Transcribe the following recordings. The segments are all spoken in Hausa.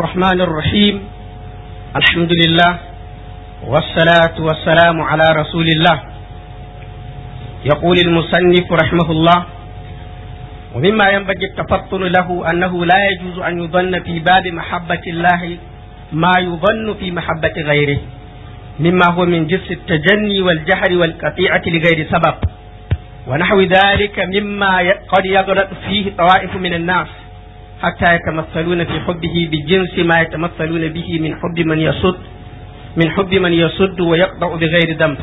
الرحمن الرحيم الحمد لله والصلاة والسلام على رسول الله يقول المصنف رحمه الله ومما ينبغي التفطن له أنه لا يجوز أن يظن في باب محبة الله ما يظن في محبة غيره مما هو من جنس التجني والجهل والقطيعة لغير سبب ونحو ذلك مما قد يغلط فيه طوائف من الناس حتى يتمثلون في حبه بجنس ما يتمثلون به من حب من يصد من حب من يصد ويقطع بغير ذنب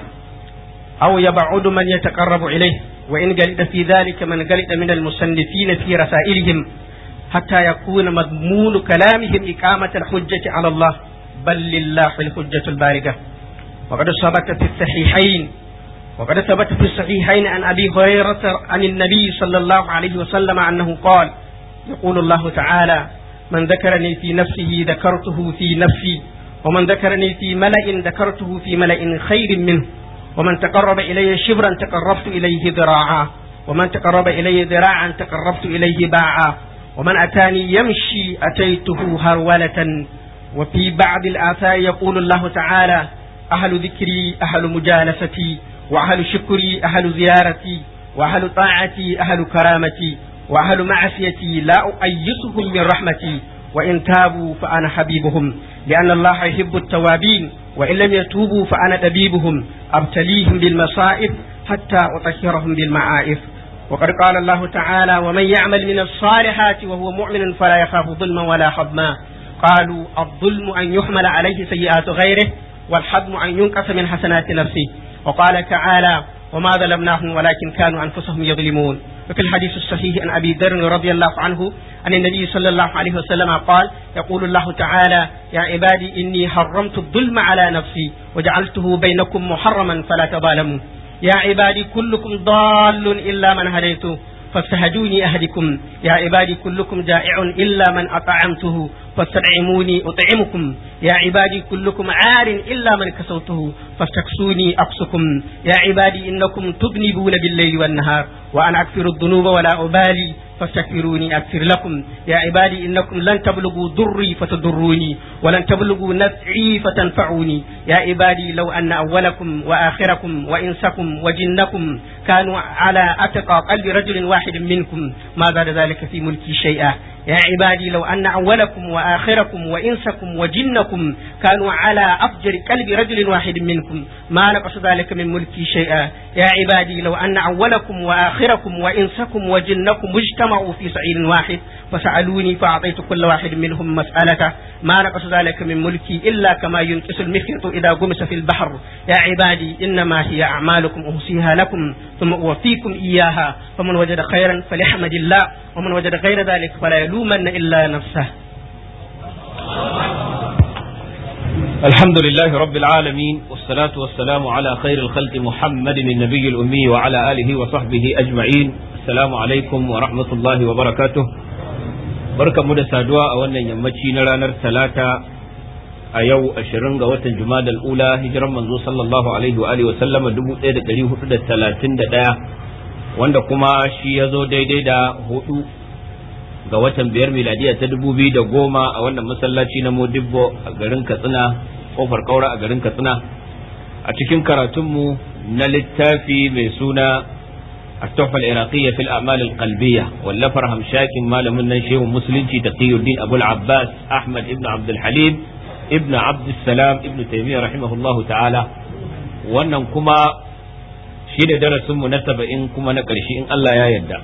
أو يبعد من يتقرب إليه وإن جلد في ذلك من جلد من المصنفين في رسائلهم حتى يكون مضمون كلامهم إقامة الحجة على الله بل لله الحجة البالغة وقد ثبت في الصحيحين وقد ثبت في الصحيحين عن أبي هريرة عن النبي صلى الله عليه وسلم أنه قال يقول الله تعالى من ذكرني في نفسه ذكرته في نفسي ومن ذكرني في ملأ ذكرته في ملأ خير منه ومن تقرب إلي شبرا تقربت إليه ذراعا ومن تقرب إلي ذراعا تقربت إليه باعا ومن أتاني يمشي أتيته هرولة وفي بعض الآثار يقول الله تعالى أهل ذكري أهل مجالستي وأهل شكري أهل زيارتي وأهل طاعتي أهل كرامتي وأهل معصيتي لا أؤيسهم من رحمتي وإن تابوا فأنا حبيبهم لأن الله يحب التوابين وإن لم يتوبوا فأنا دبيبهم أبتليهم بالمصائب حتى أطهرهم بالمعائف وقد قال الله تعالى ومن يعمل من الصالحات وهو مؤمن فلا يخاف ظلما ولا حظما قالوا الظلم أن يحمل عليه سيئات غيره والحظم أن ينقص من حسنات نفسه وقال تعالى وما ظلمناهم ولكن كانوا أنفسهم يظلمون ففي الحديث الصحيح عن أبي ذر رضي الله عنه أن النبي صلى الله عليه وسلم قال يقول الله تعالى يا عبادي إني حرمت الظلم على نفسي وجعلته بينكم محرما فلا تظالموا يا عبادي كلكم ضال إلا من هديته فاستهدوني أهدكم يا عبادي كلكم جائع إلا من أطعمته فاستطعموني أطعمكم يا عبادي كلكم عار إلا من كسوته فاستكسوني أقصكم يا عبادي إنكم تذنبون بالليل والنهار وأنا أكفر الذنوب ولا أبالي فاستكبروني أكثر لكم يا عبادي إنكم لن تبلغوا ضري فتضروني ولن تبلغوا نفعي فتنفعوني يا عبادي لو أن أولكم وآخركم وإنسكم وجنكم كانوا على أتقى قلب رجل واحد منكم ما زاد ذلك في ملكي شيئا يا عبادي لو أن أولكم وآخركم وإنسكم وجنكم كانوا على أفجر قلب رجل واحد منكم ما نقص ذلك من ملكي شيئا يا عبادي لو أن أولكم وآخركم وإنسكم وجنكم اجتمعوا في سعيد واحد فسألوني فأعطيت كل واحد منهم مسألته ما نقص ذلك من ملكي إلا كما ينقص المخيط إذا غمس في البحر يا عبادي إنما هي أعمالكم أوصيها لكم ثم أوفيكم إياها فمن وجد خيرا فليحمد الله ومن وجد غير ذلك فلا يلومن إلا نفسه الحمد لله رب العالمين والصلاة والسلام على خير الخلق محمد النبي الأمي وعلى آله وصحبه أجمعين السلام عليكم ورحمة الله وبركاته barkamu da saduwa a wannan yammaci na ranar talata a yau ashirin ga watan jumadal ula hijiran manzo sallallahu alaihi wa alihi wa sallama dubu ɗaya da hudu da talatin da wanda kuma shi ya zo daidai da hudu ga watan biyar miladiya ta dubu biyu da goma a wannan masallaci na modibbo a garin katsina kofar kaura a garin katsina a cikin karatunmu na littafi mai suna التحفة العراقية في الأعمال القلبية واللفر همشاكي مال من شيخ مسلمتي تقي الدين أبو العباس أحمد ابن عبد الحليم ابن عبد السلام ابن تيمية رحمه الله تعالى وأنهم كما شيد درس مناسبة إن كما نقرشي إن الله يا يدى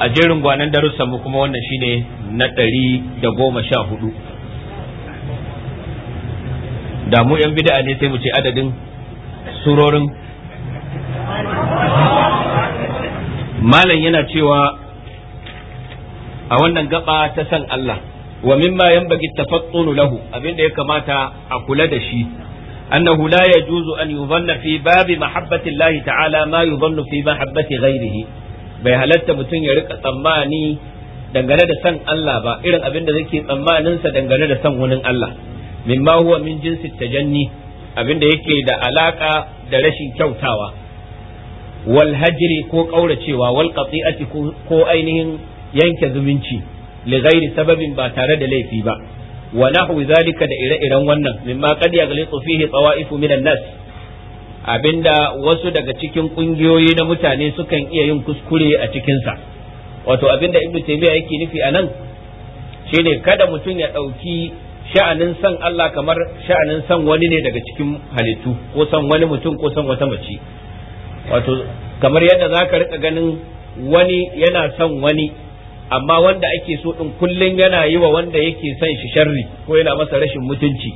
أجيرن قوانا درس مكما وانا شيني نتري دقوم شاهدو damu yan bid'a ne sai mu ce adadin surorin malam yana cewa a wannan gaba ta san Allah wa mimma yanbaghi tafattunu lahu abinda ya kamata a kula da shi annahu la yajuzu an yuzanna fi babi mahabbati ta'ala ma yuzannu fi mahabbati ghairihi bai halarta mutum ya rika tsammani dangane da san Allah ba irin abin da zake tsammanin sa dangane da san wani Allah mimma huwa min jinsi tajanni abin da yake da alaƙa da rashin kyautawa Walhajiri ko kauracewa wal qati'ati ko ainihin yanke zumunci li sababin ba tare da laifi ba wa nahwi zalika da ire-iren wannan mimma qad yaghliqu fihi tawa'ifu minan nas abinda wasu daga cikin kungiyoyi na mutane sukan iya yin kuskure a cikinsa wato abinda ibnu taymiya yake nufi anan, nan shine kada mutum ya ɗauki sha'anin san Allah kamar sha'anin san wani ne daga cikin halittu ko san wani mutum ko san wata mace wato kamar yadda za ka rika ganin wani yana son wani amma wanda ake so din kullum yana yi wa wanda yake son shi sharri ko yana masa rashin mutunci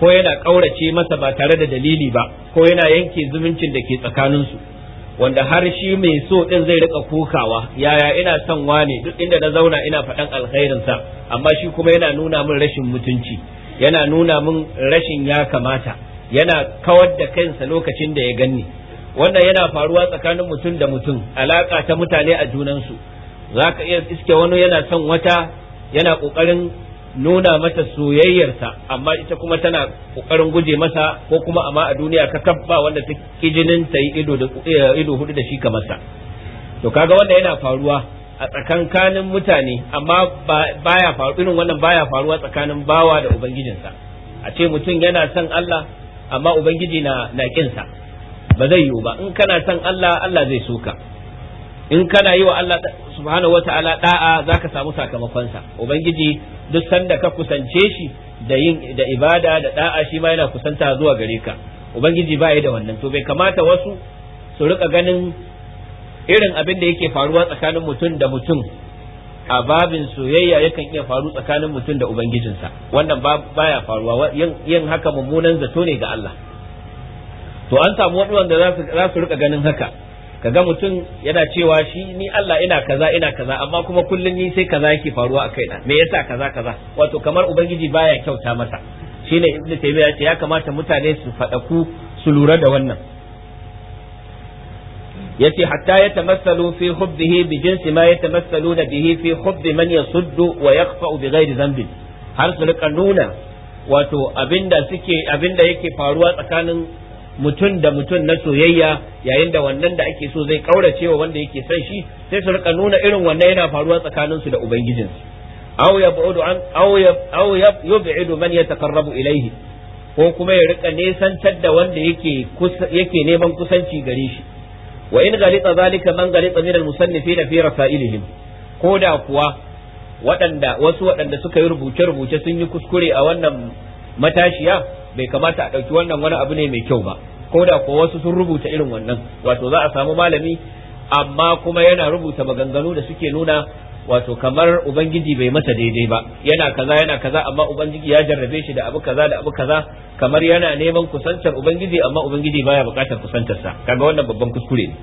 ko yana ƙaurace masa ba tare da dalili ba ko yana yanke zumuncin da ke tsakaninsu wanda har shi mai so ɗin zai rika kokawa yaya ina son wane duk inda na zauna ina faɗan sa amma shi kuma yana nuna min rashin mutunci yana nuna min rashin ya kamata yana kawar da kansa lokacin da ya ganni wannan yana faruwa tsakanin mutum da mutum alaka ta mutane a junansu za ka iya iske wani yana son wata yana ƙoƙarin nuna mata soyayyarsa amma ita kuma tana ƙoƙarin guje masa ko kuma amma a duniya ka kafa wanda ta kijinin ta yi ido hudu da shi kamar sa to kaga wanda yana faruwa a tsakankanin mutane amma baya faru irin wannan baya faruwa tsakanin bawa da ubangijinsa a ce mutum yana son Allah amma ubangiji na na kinsa ba zai yiwu ba in kana son Allah Allah zai so ka in kana yi wa Allah subhanahu wata'ala da'a zaka samu sakamakonsa ubangiji duk sanda ka kusance shi da yin da ibada da da'a shi ma yana kusanta zuwa gare ka ubangiji ba ya da wannan to bai kamata wasu su rika ganin irin abin da yake faruwa tsakanin mutum da mutum a babin soyayya yakan iya faru tsakanin mutum da ubangijinsa wannan baya faruwa yin haka mummunan zato ne ga Allah to an samu waɗanda za su rika ganin haka Ka ga mutum yana cewa shi ni Allah ina kaza ina kaza amma kuma kullum ni sai kaza yake faruwa a kaina me yasa kaza kaza wato kamar ubangiji baya kyauta masa shine ibnu taymiya ce ya kamata mutane su fadaku su lura da wannan yace hatta yatamassalu fi hubbihi bi jinsi ma yatamassaluna bihi fi hubbi man yasuddu wa yaqfa bi ghairi dhanbin har su rika nuna wato abinda suke abinda yake faruwa tsakanin mutum da mutum na soyayya yayin da wannan da ake so zai kaurace wa wanda yake son shi sai su rika nuna irin wannan yana faruwa tsakanin su da ubangijin aw yab'udu an aw aw yub'idu man yataqarrabu ilayhi ko kuma ya rika nesantar da wanda yake yake neman kusanci gare shi wa in galita zalika man galita min al-musannifina fi rasailihim ko da kuwa waɗanda wasu waɗanda suka yi rubuce-rubuce sun yi kuskure a wannan matashiya bai kamata a ɗauki wannan wani abu ne mai kyau ba ko da ko wasu sun rubuta irin wannan wato za a samu malami amma kuma yana rubuta maganganu da suke nuna wato kamar ubangiji bai masa daidai ba yana kaza yana kaza amma ubangiji ya jarrabe shi da abu kaza da abu kaza kamar yana neman kusantar ubangiji amma ubangiji baya bukatar kusantarsa kaga wannan babban kuskure ne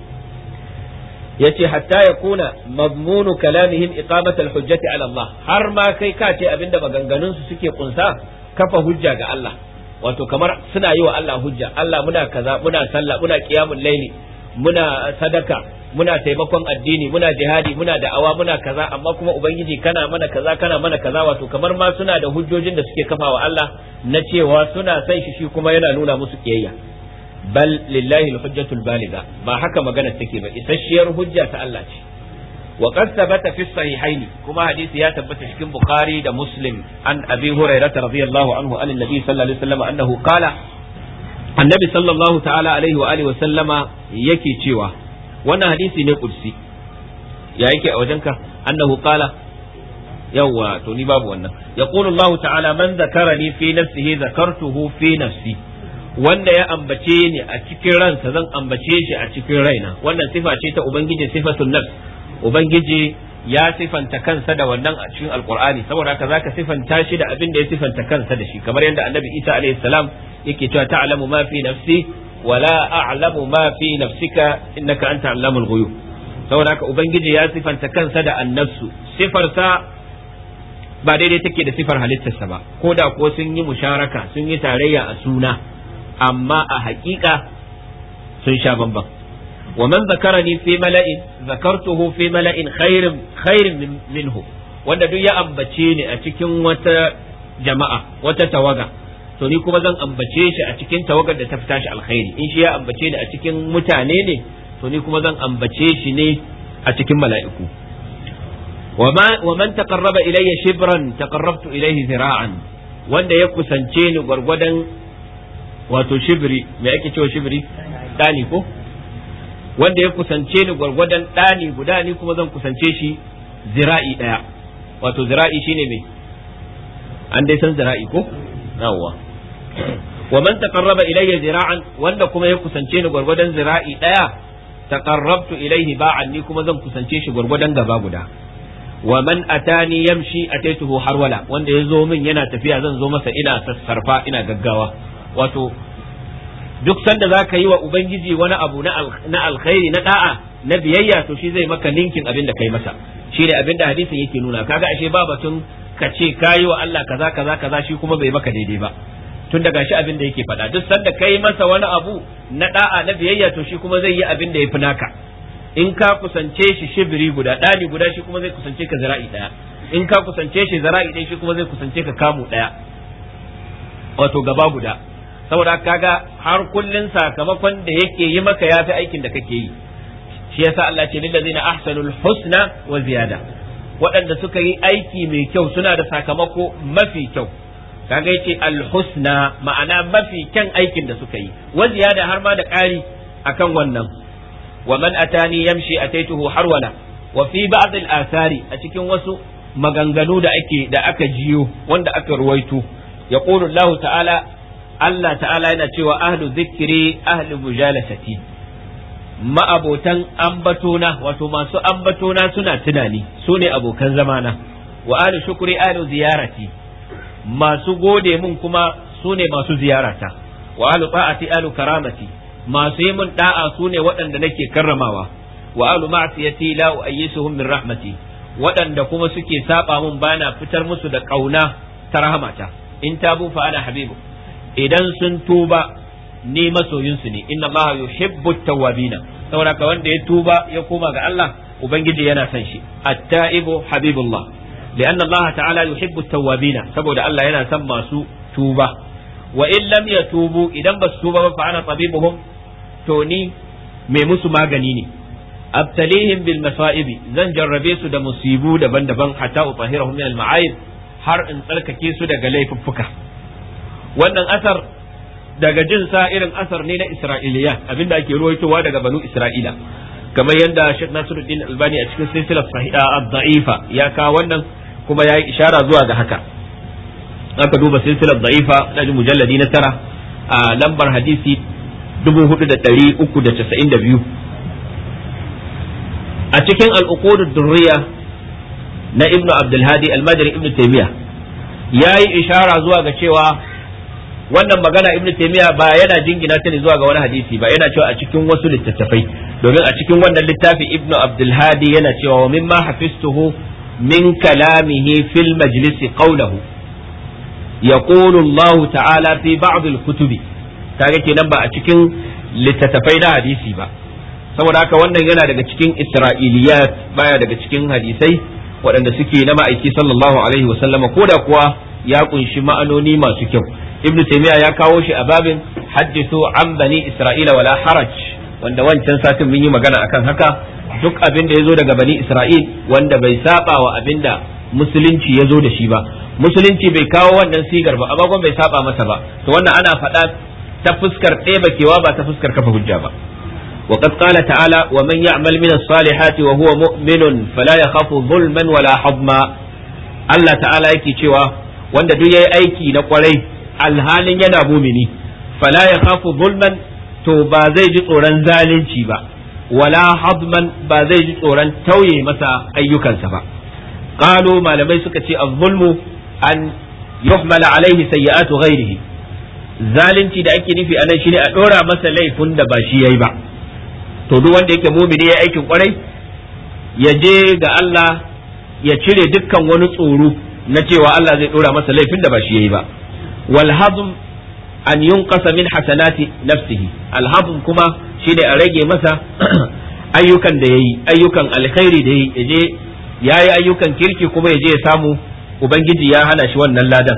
yace hatta ya kuna mazmunu kalamihim iqamat alhujjati ala Allah har ma kai ka ce abinda maganganun su suke kunsa kafa hujja ga Allah wato kamar suna yi wa Allah hujja Allah muna kaza muna sallah muna qiyamul laili muna sadaka muna taimakon addini muna jihadi muna da'awa muna kaza amma kuma ubangiji kana mana kaza kana mana kaza wato kamar ma suna da hujjojin da suke kafa wa Allah na cewa suna san shi shi kuma yana nuna musu kiyayya bal lillahi alhujjatul baliga ba haka magana take ba isasshiyar hujja ta Allah ce Waƙarsa qad thabata fi sahihayn kuma hadisi ya tabbata cikin bukhari da muslim an abi hurairah radiyallahu anhu an annabi sallallahu alaihi wasallam annahu qala annabi sallallahu ta'ala alaihi wa alihi wasallama yake cewa wannan hadisi ne kursi ya yake a wajenka annahu qala yawa to ni babu wannan yaqulu ta'ala man zakarani fi nafsihi zakartuhu fi nafsi wanda ya ambace ni a cikin ransa zan ambace shi a cikin raina wannan sifa ce ta ubangiji sifatun nafs ubangiji ya sifanta kansa da wannan a cikin alkur'ani saboda haka zaka sifanta shi da abin da ya sifanta kansa da shi kamar yadda annabi isa alayhi salam yake cewa ta'lamu ma fi nafsi wa la a'lamu ma fi nafsika innaka anta allamul ghuyub saboda haka ubangiji ya sifanta kansa da annabsu sifarsa ba daidai take da sifar halittarsa ba ko da ko sun yi musharaka sun yi tarayya a suna amma a haƙiƙa sun sha bamban wa man zakarani fi mala'in zakartuhu fi mala'in khairin khairin minhu wanda duk ya ambace ni a cikin wata jama'a wata tawaga to ni kuma zan ambace shi a cikin tawagar da ta fita shi alkhairi in shi ya ambace ni a cikin mutane ne to ni kuma zan ambace shi ne a cikin mala'iku wa man taqarraba ilayya shibran taqarrabtu ilayhi zira'an wanda ya kusance ni gwargwadon wato shibri me ake cewa shibri dani ko wanda ya kusance ni gwargwadon ɗani guda ni kuma zan kusance shi zira'i ɗaya wato zira'i shine me an dai san zira'i ko yawwa wa man taqarraba ilayya zira'an wanda kuma ya kusance ni gwargwadon zira'i ɗaya taqarrabtu ilayhi ba'an ni kuma zan kusance shi gwargwadon gaba guda wa man atani yamshi ataituhu harwala wanda ya zo min yana tafiya zan zo masa ina sassarfa ina gaggawa wato duk sanda za ka yi wa ubangiji wani abu na alkhairi na da'a na biyayya to shi zai maka ninkin abin da kai masa shi ne abin da hadisin yake nuna kaga ashe ba batun ka ce ka yi wa Allah kaza kaza kaza shi kuma bai maka daidai ba tun daga shi abin da yake faɗa duk sanda ka yi masa wani abu na da'a na biyayya to shi kuma zai yi abin da ya fi naka in ka kusance shi shibiri guda ɗani guda shi kuma zai kusance ka zira'i ɗaya in ka kusance shi zira'i ɗaya shi kuma zai kusance ka kamu ɗaya wato gaba guda saboda kaga har kullun sakamakon da yake yi maka yafi aikin da kake yi shi yasa Allah ce na ahsanul husna wa ziyada waɗanda suka yi aiki mai kyau suna da sakamako mafi kyau kaga yace al husna ma'ana mafi kyan aikin da suka yi wa ziyada har ma da ƙari akan wannan wa man atani yamshi ataituhu harwana wa fi ba'd al athari a cikin wasu maganganu da ake da aka jiyo wanda aka ruwaito yaqulu Allah ta'ala Allah ta'ala yana cewa ahlu zikri ahlu mujalasati ma'abotan ambatona wato masu ambatona suna tunani su ne abokan zamana wa ahlu shukri ahlu ziyarati masu gode mun kuma su ne masu ziyarata wa ahlu ta'ati ahlu karamati masu yi mun da'a su ne waɗanda nake karramawa wa ahlu ma'siyati la u'ayyisuhum min rahmati waɗanda kuma suke saba mun bana fitar musu da kauna ta rahmata in tabu fa ana habibu idan sun tuba ni masoyinsu ne inna allaha yuhibbu tawwabina saboda ka wanda ya tuba ya koma ga Allah ubangiji yana son shi at-taibu habibullah li'anna allaha ta'ala yuhibbu tawwabina saboda Allah yana son masu tuba wa in lam yatubu idan basu tuba ba fa ana tabibuhum to ni mai musu magani ne abtalihim bil masaibi zan jarrabe su da musibu daban-daban hatta utahirahum min al ma'ayib har in tsarkake su daga laifuffuka wannan asar daga jin sa irin asar ne na Isra'iliya abinda ake ruwaitowa daga banu Isra'ila kamar yadda Sheikh Nasiruddin Albani a cikin silsilar sahiha ya ka wannan kuma ya yi ishara zuwa ga haka aka duba silsilar da'ifa na mujalladi na tara a lambar hadisi 4392 a cikin al'uqudud durriya na Ibnu abdulhadi Hadi Ibnu madri ya yi ishara zuwa ga cewa wannan magana ibnu taymiya ba yana jingina ta ne zuwa ga wani hadisi ba yana cewa a cikin wasu littattafai domin a cikin wannan littafi ibnu abdul hadi yana cewa wa mimma hafistuhu min kalamihi fil majlis qawluhu yaqulu Allah ta'ala fi ba'd al kutubi kaga kenan ba a cikin littattafai na hadisi ba saboda haka wannan yana daga cikin isra'iliyat baya daga cikin hadisai waɗanda suke na ma'aiki sallallahu alaihi wasallama ko da kuwa ya kunshi ma'anoni masu kyau ibnu taymiya ya kawo shi a babin hadithu an bani isra'ila wala haraj wanda wancan satin mun yi magana akan haka duk abin da ya zo daga bani isra'il wanda bai saba wa abin da musulunci ya zo da shi ba musulunci bai kawo wannan sigar ba abagon bai saba masa ba to wannan ana faɗa ta fuskar ɗebakewa ba ta fuskar kafa hujja ba وقد قال تعالى ومن يعمل من الصالحات وهو مؤمن فلا يخاف ظلما ولا حظما الله تعالى yake cewa wanda duk yayi aiki na kwarai alhalin yana mumini fala ya kafu zulman to ba zai ji tsoron zalunci ba wala hadman ba zai ji tsoron tauye masa ayyukansa ba qalu malamai suka ce az-zulmu an yuhmala alaihi sayyi'atu ghairihi zalunci da ake nufi anan shine a dora masa laifin da ba shi yayi ba to duk wanda yake mumini ya aikin kwarai ya je ga Allah ya cire dukkan wani tsoro na cewa Allah zai dora masa laifin da ba shi yayi ba wal hazm an yunqasa min hasanati nafsihi al kuma shine a rage masa ayyukan da yayi ayyukan alkhairi da yayi yaje yayi ayyukan kirki kuma yaje ya samu ubangiji ya hana shi wannan ladan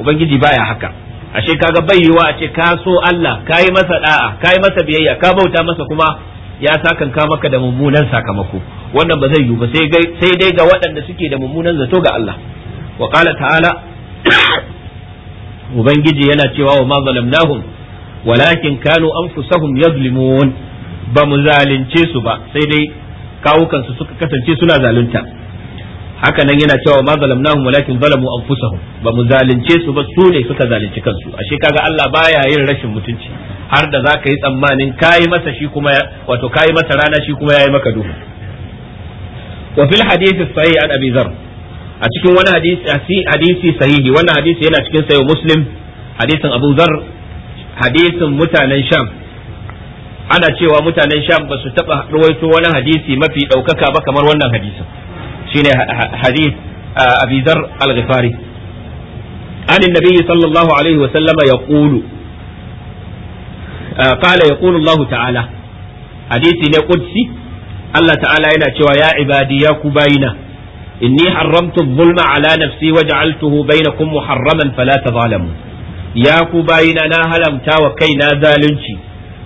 ubangiji baya haka ashe kaga bai a ce ka so Allah ka yi masa da'a ka yi masa biyayya ka bauta masa kuma ya sakanka maka da mummunan sakamako wannan ba zai yiwu ba sai dai ga waɗanda suke da mummunan zato ga Allah wa qala ta'ala ubangiji yana cewa wa ma zalamnahum walakin kanu anfusahum yazlimun ba mu zalunce su ba sai dai kawukansu suka kasance suna zalunta haka nan yana cewa ma zalamnahum walakin zalamu anfusahum ba mu zalunce su ba su ne suka zalunci kansu ashe kaga Allah baya yin rashin mutunci har da zaka yi tsammanin kayi masa shi kuma wato kayi masa rana shi kuma ya yi maka duhu wa fil hadith sahih an abi a cikin wani hadisi hadisi sahihi wannan hadisi yana cikin sayo muslim hadisin abu zar hadisin mutanen sham ana cewa mutanen sham ba su taba ruwaito wani hadisi mafi daukaka ba kamar wannan hadisin shine hadis abizar zar al-ghifari عن النبي صلى الله عليه وسلم يقول قال يقول الله تعالى حديث قدسي الله تعالى ينا يا عبادي يا كبينا inni haramtu zulma ala waje altuhu baina bainakum muharraman fala tazalamu ya ku bayina na halamta wa kaina zalunci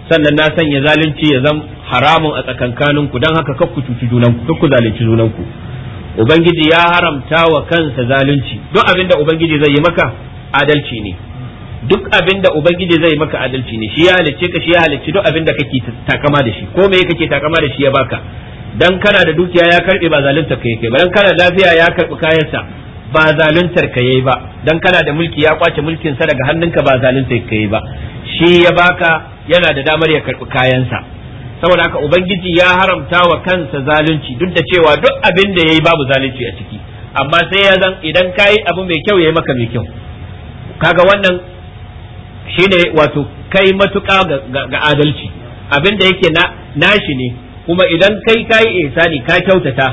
sannan na sanya zalunci ya zama haramun a tsakankanin ku dan haka kakku cuci junanku kakku zalunci ubangiji ya haramta kansa zalunci duk abinda ubangiji zai yi maka adalci ne duk abin da ubangiji zai maka adalci ne shi ya halicce ka shi ya halicci duk abin da kake takama da shi ko me kake takama da shi ya baka dan kana da dukiya ya karbe ba zaluntar ka kai ba dan kana da lafiya ya karbi kayansa ba zaluntar ka yayi ba dan kana da mulki ya kwace mulkin sa daga hannunka ba zaluntar ka yayi ba shi ya baka yana da damar ya karbi kayansa saboda haka ubangiji ya haramta wa kansa zalunci duk da cewa duk abin da yayi babu zalunci a ciki amma sai ya zan idan kayi abu mai kyau yayi maka mai kyau kaga wannan shine wato kai matuƙa ga adalci abin da yake na nashi ne kuma idan kai kayi ihsani ka kyautata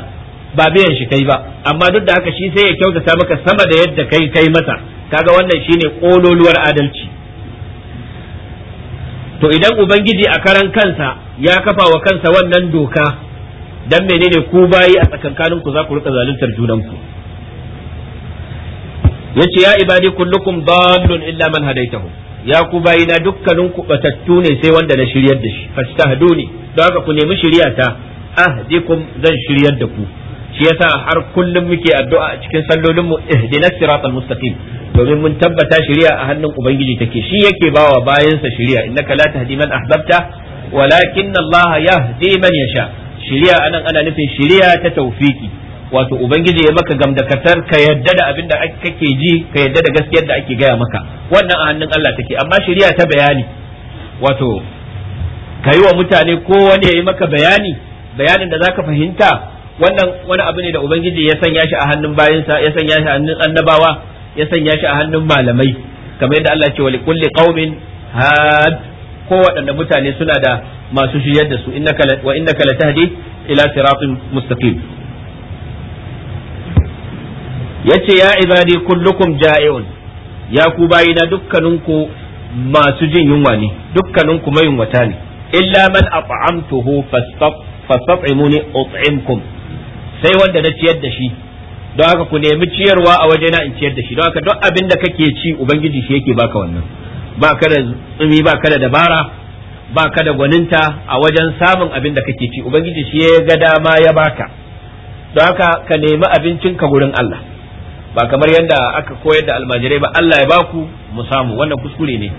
ba biyan shi kai ba amma duk da haka shi sai ya kyautata maka sama da yadda kai kai masa kaga wannan shine kololuwar adalci to idan ubangiji a karan kansa ya kafa wa kansa wannan doka dan menene ku bayi a tsakankanin ku za ku rika zaluntar junanku yace ya ibadi kullukum dallun illa man hadaytahu ya ku bayina dukkanin ku batattu ne sai wanda na shiryar da shi ne don haka ku nemi shirya ta ahdikum zan shiryar da ku shi yasa har kullum muke addu'a a cikin sallolin mu ihdinas siratal mustaqim domin mun tabbata shiriya a hannun ubangiji take shi yake bawa bayansa shirya innaka la tahdi man ahbabta walakin Allah yahdi man yasha shiriya anan ana nufin shiriya ta tawfiki wato ubangiji ya maka gamdakatar ka yadda da abin da kake ji ka yadda da gaskiyar da ake gaya maka wannan a hannun Allah take amma shari'a ta bayani wato ka yi wa mutane ko wani ya yi maka bayani bayanin da zaka fahimta wannan wani abu ne da ubangiji ya sanya shi a hannun bayinsa ya sanya shi a hannun annabawa ya sanya shi a hannun malamai kamar yadda Allah ce wa likulli qaumin had ko waɗanda mutane suna da masu shiryar da su innaka wa innaka latahdi ila siratin mustaqim yace ya ibadi kullukum ja'iun ya ku bayina dukkaninku masu jin yunwa ne dukkaninku yunwata ne illa man at'amtuhu fastat'imuni at'imkum sai wanda na ciyar da shi don haka ku nemi ciyarwa a wajena in ciyar da shi don haka duk abin da kake ci ubangiji shi yake baka wannan ba ka da tsumi ba ka da dabara ba ka da gwaninta a wajen samun abin da kake ci ubangiji shi ya ga dama ya baka don haka ka nemi abincinka gurin Allah ba kamar yadda aka koyar da almajirai ba Allah ya baku mu samu wannan kuskure ne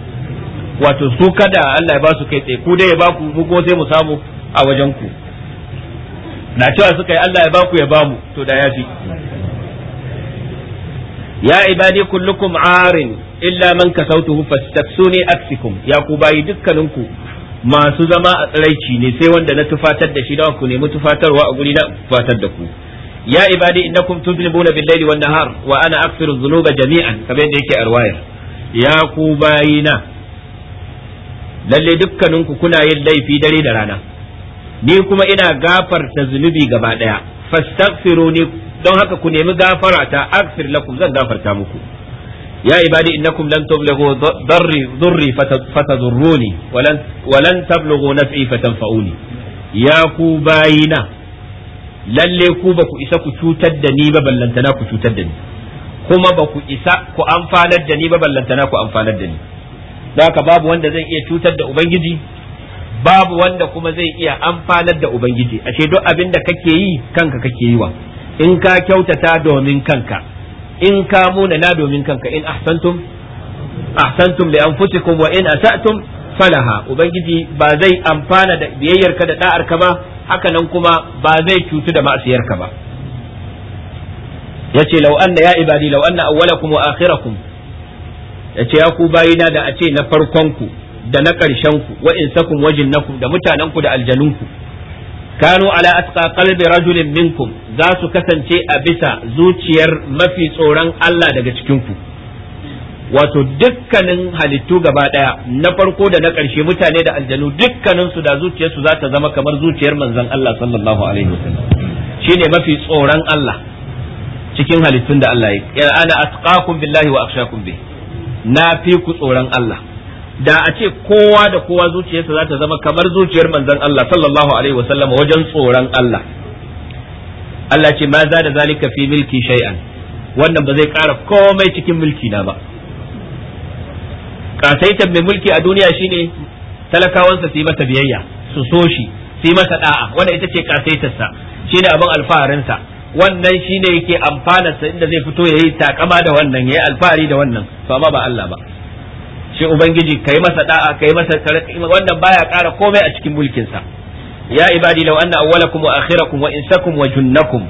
wato su kada Allah ya basu kai tsaye ku dai ya baku mu sai mu samu a wajen ku na cewa suka yi Allah ya baku ya bamu to da ya fi. ya ibadi kullukum arin illa man kasautuhu fastaksuni aksikum ya ku bayi dukkaninku masu zama a tsiraici ne sai wanda na tufatar da shi da ku nemi tufatarwa a guri na tufatar da ku ya ibadi innakum تذنبون بالليل والنهار wan-nahar الذنوب جميعا aghfiru dhunuba jami'an يا كوباينا yake a riwayar ya ku في lalle dukkaninku kuna yin laifi dare da rana ni kuma ina gafarta zunubi gaba daya fastaghfiruni don haka ku nemi gafara ta aghfir lakum zan gafarta muku ya ibadi innakum lan tablughu darri durri fatadurruni walan walan tablughu naf'i fatanfa'uni ya ku bayina lalle ku ba ku isa ku cutar da ni ba ballantana ku cutar da ni kuma ba ku isa ku amfanar da ni ba ballantana ku amfanar da ni haka babu wanda zai iya cutar da ubangiji babu wanda kuma zai iya amfanar da ubangiji ashe duk abin da kake yi kanka kake yi wa in ka kyautata domin kanka in ka muna na domin kanka in ahsantum ahsantum li anfusikum wa in asatum falaha ubangiji ba zai amfana da biyayyarka da da'arka ba haka nan kuma ba zai cutu da ma'asiyarka ba yace law anna ya ibadi law anna awwalakum wa akhirakum yace ya ku bayina da a ce na farkon ku da na karshen ku wa insakum wajinnakum da mutanen ku da aljanun ku kanu ala atqa qalbi rajulin minkum za su kasance a bisa zuciyar mafi tsoron Allah daga cikin ku wato dukkanin halittu gaba daya na farko da na ƙarshe mutane da aljanu dukkanin su da zuciyarsu za ta zama kamar zuciyar manzon Allah sallallahu alaihi wasallam shine mafi tsoron Allah cikin halittun da Allah ya ana atqakum billahi wa akhshakum bi', na fi ku tsoron Allah da a ce kowa da kowa zuciyarsa za ta zama kamar zuciyar manzon Allah sallallahu alaihi wasallam wajen tsoron Allah Allah ce ma da zalika fi milki shay'an wannan ba zai ƙara komai cikin mulki na ba kasaitan mai mulki a duniya shine talakawansa su yi masa biyayya su so shi su yi masa da'a wanda ita ce kasaitarsa shine abin alfaharinsa wannan shine yake amfanarsa inda zai fito yayi takama da wannan yayi alfahari da wannan to amma ba Allah ba shi ubangiji kai masa da'a kai masa wannan baya ƙara komai a cikin mulkinsa sa يا عبادي لو أن wa وآخركم وإنسكم Kano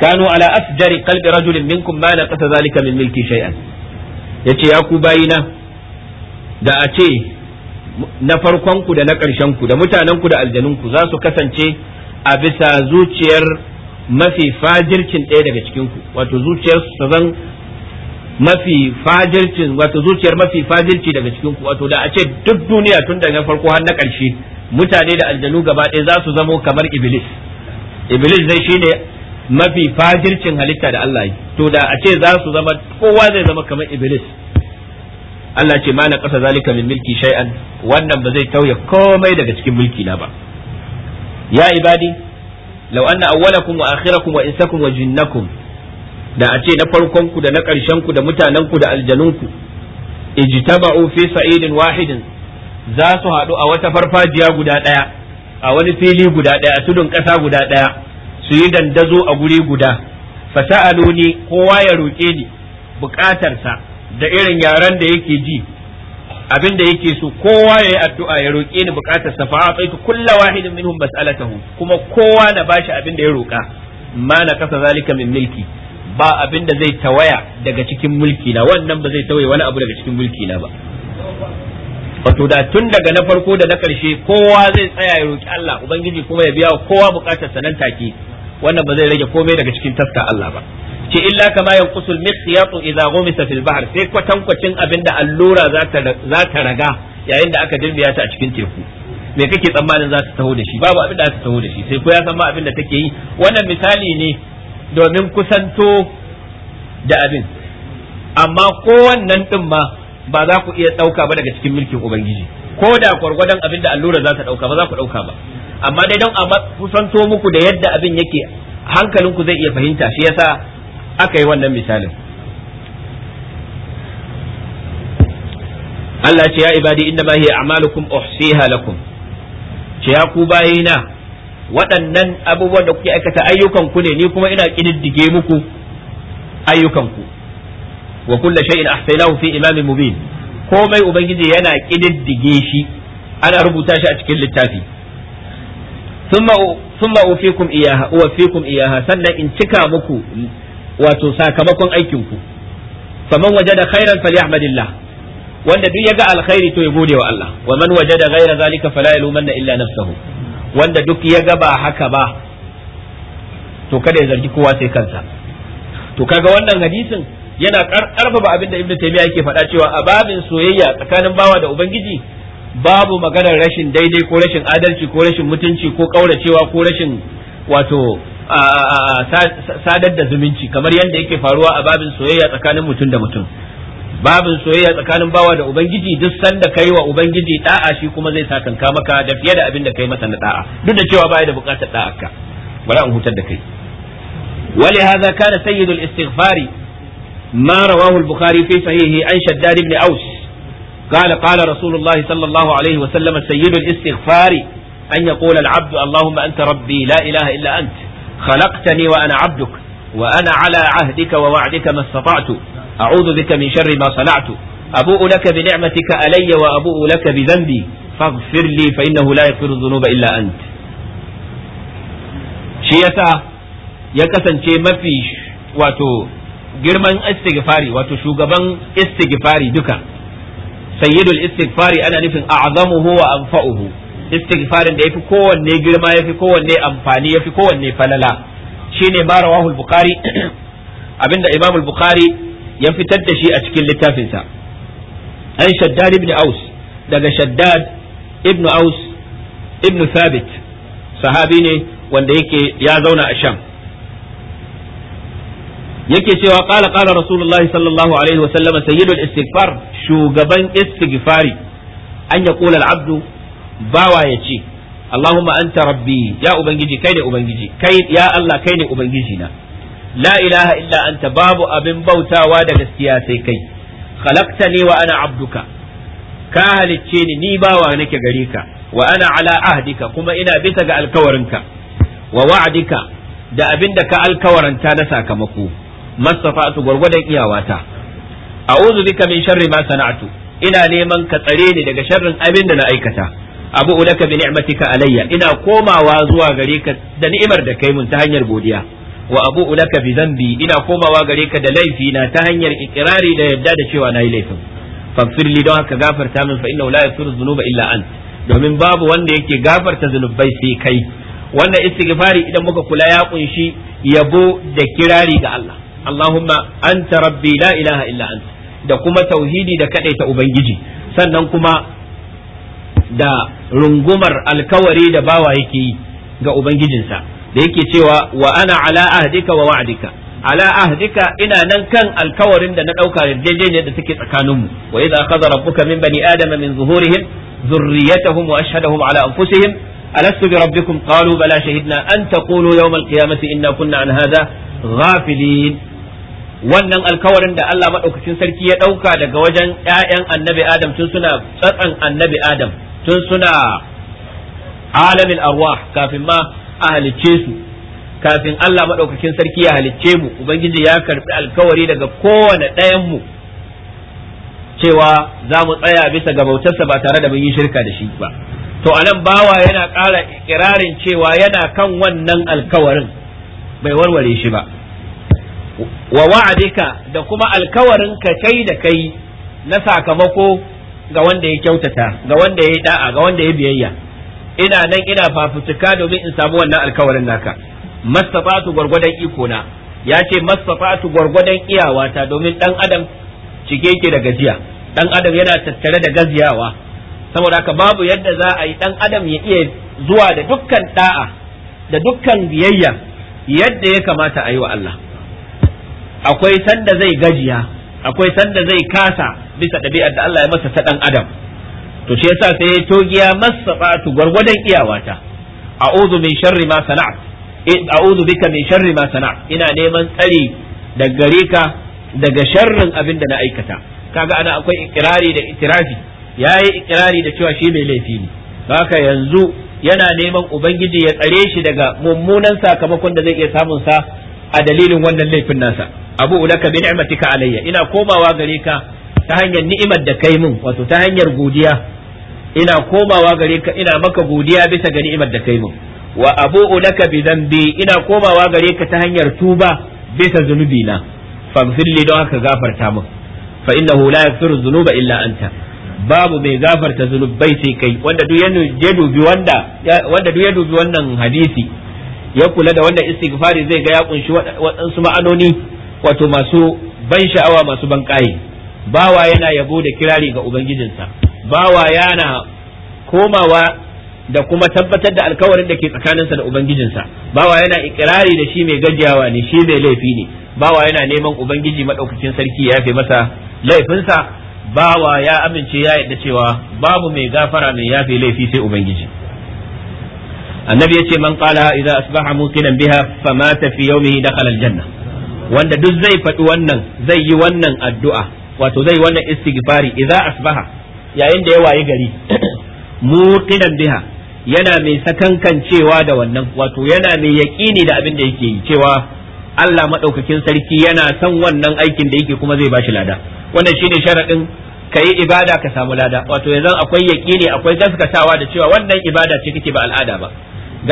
كانوا على أفجر قلب رجل منكم ما نقص ذلك من ملكي شيئا yace ya ku da a ce na farkonku da na ƙarshenku da mutanenku da aljanunku za su kasance a bisa zuciyar mafi fajircin ɗaya daga cikinku wato zuciyar su zan mafi fajircin wato zuciyar mafi fajirci daga cikinku wato da a ce duk duniya tun daga farko har na ƙarshe mutane da aljanu gaba ɗaya za su zamo kamar iblis iblis zai shine mafi fajircin halitta da Allah yi to da a ce za su zama kowa zai zama kamar iblis Allah ce ma na ƙasa zalika min milki shay'an wannan ba zai tauye komai daga cikin mulki na ba ya ibadi law anna awwalakum wa akhirakum wa insakum wa jinnakum da a ce na farkon ku da na ƙarshen ku da mutanen ku da aljanun ku ijtaba'u fi sa'idin wahidin za su haɗu a wata farfajiya guda ɗaya a wani fili guda ɗaya a tudun ƙasa guda ɗaya su yi dandazo a guri guda fasa'aluni kowa ya roƙe ni sa. da irin yaren da yake ji abin da yake so kowa ya yi addu'a ya roƙe ni buƙatar sa fa tsaitu kullu wahidin minhum mas'alatahu kuma kowa na bashi abin da ya roƙa ma na kasa zalika min milki ba abin da zai tawaya daga cikin mulki na wannan ba zai tawaye wani abu daga cikin mulki na ba wato da tun daga na farko da na karshe kowa zai tsaya ya roƙi Allah ubangiji kuma ya biya kowa buƙatar sa nan take wannan ba zai rage komai daga cikin taska Allah ba ce illa kama kusur miqyatu idza ghumisa fil bahr sai kwatankwacin abinda allura za ta raga yayin da aka dirbiya ta a cikin teku me kake tsammanin za ta taho da shi babu abin da za ta taho da shi sai ko ya san ma abin da take yi wannan misali ne domin kusanto da abin amma kowannan din ma ba za ku iya ɗauka ba daga cikin mulkin ubangiji ko da gwargwadon abin da allura za ta ɗauka ba za ku ɗauka ba amma dai don a kusanto muku da yadda abin yake hankalinku zai iya fahimta shi yasa aka yi wannan misalin Allah ce ya ibadi inda ma hiya a'malukum uhsiha lakum ce ya ku bayina waɗannan abubuwan da kuke aikata ayyukan ku ne ni kuma ina kididdige muku ayyukan ku wa kullu shay'in ahsaynahu fi imamin mubin komai ubangiji yana kididdige shi ana rubuta shi a cikin littafi thumma ufikum iyaha uwafikum iyaha sannan in cika muku wato sakamakon aikin ku faman wajada khairan falyahmadillah wanda duk ya ga alkhairi to ya gode wa Allah wa man wajada ghaira zalika fala yalumanna illa nafsahu wanda duk ya ga ba haka ba to kada ya zargi kowa sai kansa to kaga wannan hadisin yana karfafa abin da ibnu taymiya yake faɗa cewa a babin soyayya tsakanin bawa da ubangiji babu maganar rashin daidai ko rashin adalci ko rashin mutunci ko kauracewa ko rashin wato sadar da zumunci kamar yadda yake faruwa a babin soyayya tsakanin mutum da mutum babin soyayya tsakanin bawa da ubangiji duk sanda kai wa ubangiji da'a shi kuma zai sakanka maka da fiye da abin da kai masa na da'a duk da cewa baya da bukatar da'a ka bari an hutar da kai wali hadha kana sayyidul istighfari ma rawahu al-bukhari fi sahihi an shaddad ibn aus قال قال رسول الله صلى الله عليه وسلم سيد الاستغفار أن يقول العبد اللهم أنت ربي لا إله إلا أنت خلقتني وأنا عبدك وأنا على عهدك ووعدك ما استطعت أعوذ بك من شر ما صنعت أبوء لك بنعمتك علي وأبوء لك بذنبي فاغفر لي فإنه لا يغفر الذنوب إلا أنت شيئتا يكسن شيء ما فيش واتو جرمان استغفاري واتو shugaban استغفاري دكان sayyidul istighfari ana nufin a'zamuhu wa anfa'uhu istighfarin da yafi kowanne girma yafi kowanne amfani yafi kowanne falala shine ma rawahul bukhari abinda imam bukhari ya fitar da shi a cikin littafinsa an shaddad ibn aus daga shaddad ibn aus ibn thabit sahabi ne wanda yake ya zauna a sham yake cewa qala qala rasulullahi sallallahu alaihi wa sallam sayyidul istighfar shugaban istighfari an ya al-abdu bawa ya ce Allahumma anta rabbi ya ubangiji kai ne ubangiji kai ya Allah kai ne ubangiji na la ilaha illa anta babu abin bautawa da gaskiya sai kai khalaqtani wa ana abduka ka halicce ni ni bawa nake gare ka wa ana ala ahdika kuma ina bisa ga alkawarinka wa wa'dika da abin da ka alkawaranta na sakamako mastafa'tu gwargwadon iyawata a'udhu bika min sharri ma sana'tu ina neman ka tsare ni daga sharrin abin da na aikata abu ulaka bi ni'matika alayya ina komawa zuwa gare ka da ni'imar da kai mun ta hanyar godiya wa abu ulaka bi dhanbi ina komawa gare ka da laifi na ta hanyar ikirari da yadda da cewa na yi laifin fafir li don haka gafarta min fa innahu la yaghfiru dhunuba illa ant domin babu wanda yake gafarta zunubai sai kai wannan istighfari idan muka kula ya kunshi yabo da kirari ga Allah Allahumma anta rabbi la ilaha illa anta da kuma tauhidi da ta ubangiji sannan kuma da rungumar alkawari da bawa yake yi ga ubangijinsa da yake cewa wa ana ala ahdika wa wa'dika ala ahdika ina nan kan alkawarin da na dauka yarjejeniyar da take tsakaninmu wa idza akhadha rabbuka min bani adama min zuhurihim ذريتهم واشهدهم على انفسهم الست بربكم قالوا shahidna an ان تقولوا يوم القيامه kunna an عن هذا غافلين wannan alkawarin da Allah maɗaukacin sarki ya ɗauka daga wajen ‘ya'yan annabi Adam tun suna tsatsan annabi Adam tun suna alamin arwah kafin ma a halicce su kafin Allah maɗaukakin sarki ya halicce mu Ubangiji ya karɓi alkawari daga kowane ɗayan mu cewa za mu tsaya bisa ga bautarsa ba tare da mun yi shirka da shi ba to anan bawa yana ƙara ikirarin cewa yana kan wannan alkawarin bai warware shi ba wa wa'adika da kuma alkawarin ka kai da kai na sakamako ga wanda ya kyautata ga wanda ya da'a ga wanda ya biyayya ina nan ina fafutuka domin in samu wannan alkawarin naka mastafatu gwargwadon iko na ya ce mastafatu gwargwadon iyawata domin dan adam cike yake da gajiya dan adam yana tattare da gaziyawa saboda haka babu yadda za a yi dan adam ya iya zuwa da dukkan da'a da dukkan biyayya yadda ya kamata a yi wa Allah akwai sanda zai gajiya akwai sanda zai kasa bisa ɗabi'ar da Allah ya masa ta ɗan adam to shi yasa sai ya togiya masabatu gwargwadon iyawata a'udhu min sharri ma sana'at a'udhu bika min sharri ma sana'at ina neman tsari daga gare ka daga sharrin abin da na aikata kaga ana akwai ikirari da itirafi yayi ikirari da cewa shi mai laifi ne haka yanzu yana neman ubangiji ya tsare shi daga mummunan sakamakon da zai iya samun sa a dalilin wannan laifin nasa abu ulaka bi ni'matika alayya ina komawa gare ka ta hanyar ni'imar da kai min wato ta hanyar godiya ina komawa gare ka ina maka godiya bisa ga ni'imar da kai min wa abu ulaka bi dhanbi ina komawa gare ka ta hanyar tuba bisa zunubi na fa fili don haka gafarta min fa innahu la yaghfiru dhunuba illa anta babu mai gafarta zunubai sai kai wanda duk ya dubi wanda wanda duk ya dubi wannan hadisi ya kula da wannan istighfari zai ga ya kunshi waɗansu ma'anoni wato masu ban sha'awa masu ban ƙaye bawa yana yabo da kirari ga ubangijinsa bawa yana komawa da kuma tabbatar da alkawarin da ke tsakaninsa da ubangijinsa bawa yana ikirari da shi mai gajiyawa ne shi mai laifi ne bawa yana neman ubangiji madaukakin sarki ya yafe masa laifinsa bawa ya amince ya yadda cewa babu mai gafara mai yafe laifi sai ubangiji annabi ya ce man qala idza asbaha muqinan biha famata fi yawmihi dakhala aljanna wanda duk zai faɗi wannan zai yi wannan addu'a wato zai wannan istighfari idza asbaha yayin da ya wayi gari muqidan biha yana mai sakankan cewa da wannan wato yana mai yaqini da abin da yake yi cewa Allah madaukakin sarki yana son wannan aikin da yake kuma zai ba shi lada wannan shine sharadin kayi ibada ka samu lada wato yanzu akwai yaqini akwai gaskatawa da cewa wannan ibada ce kake ba al'ada ba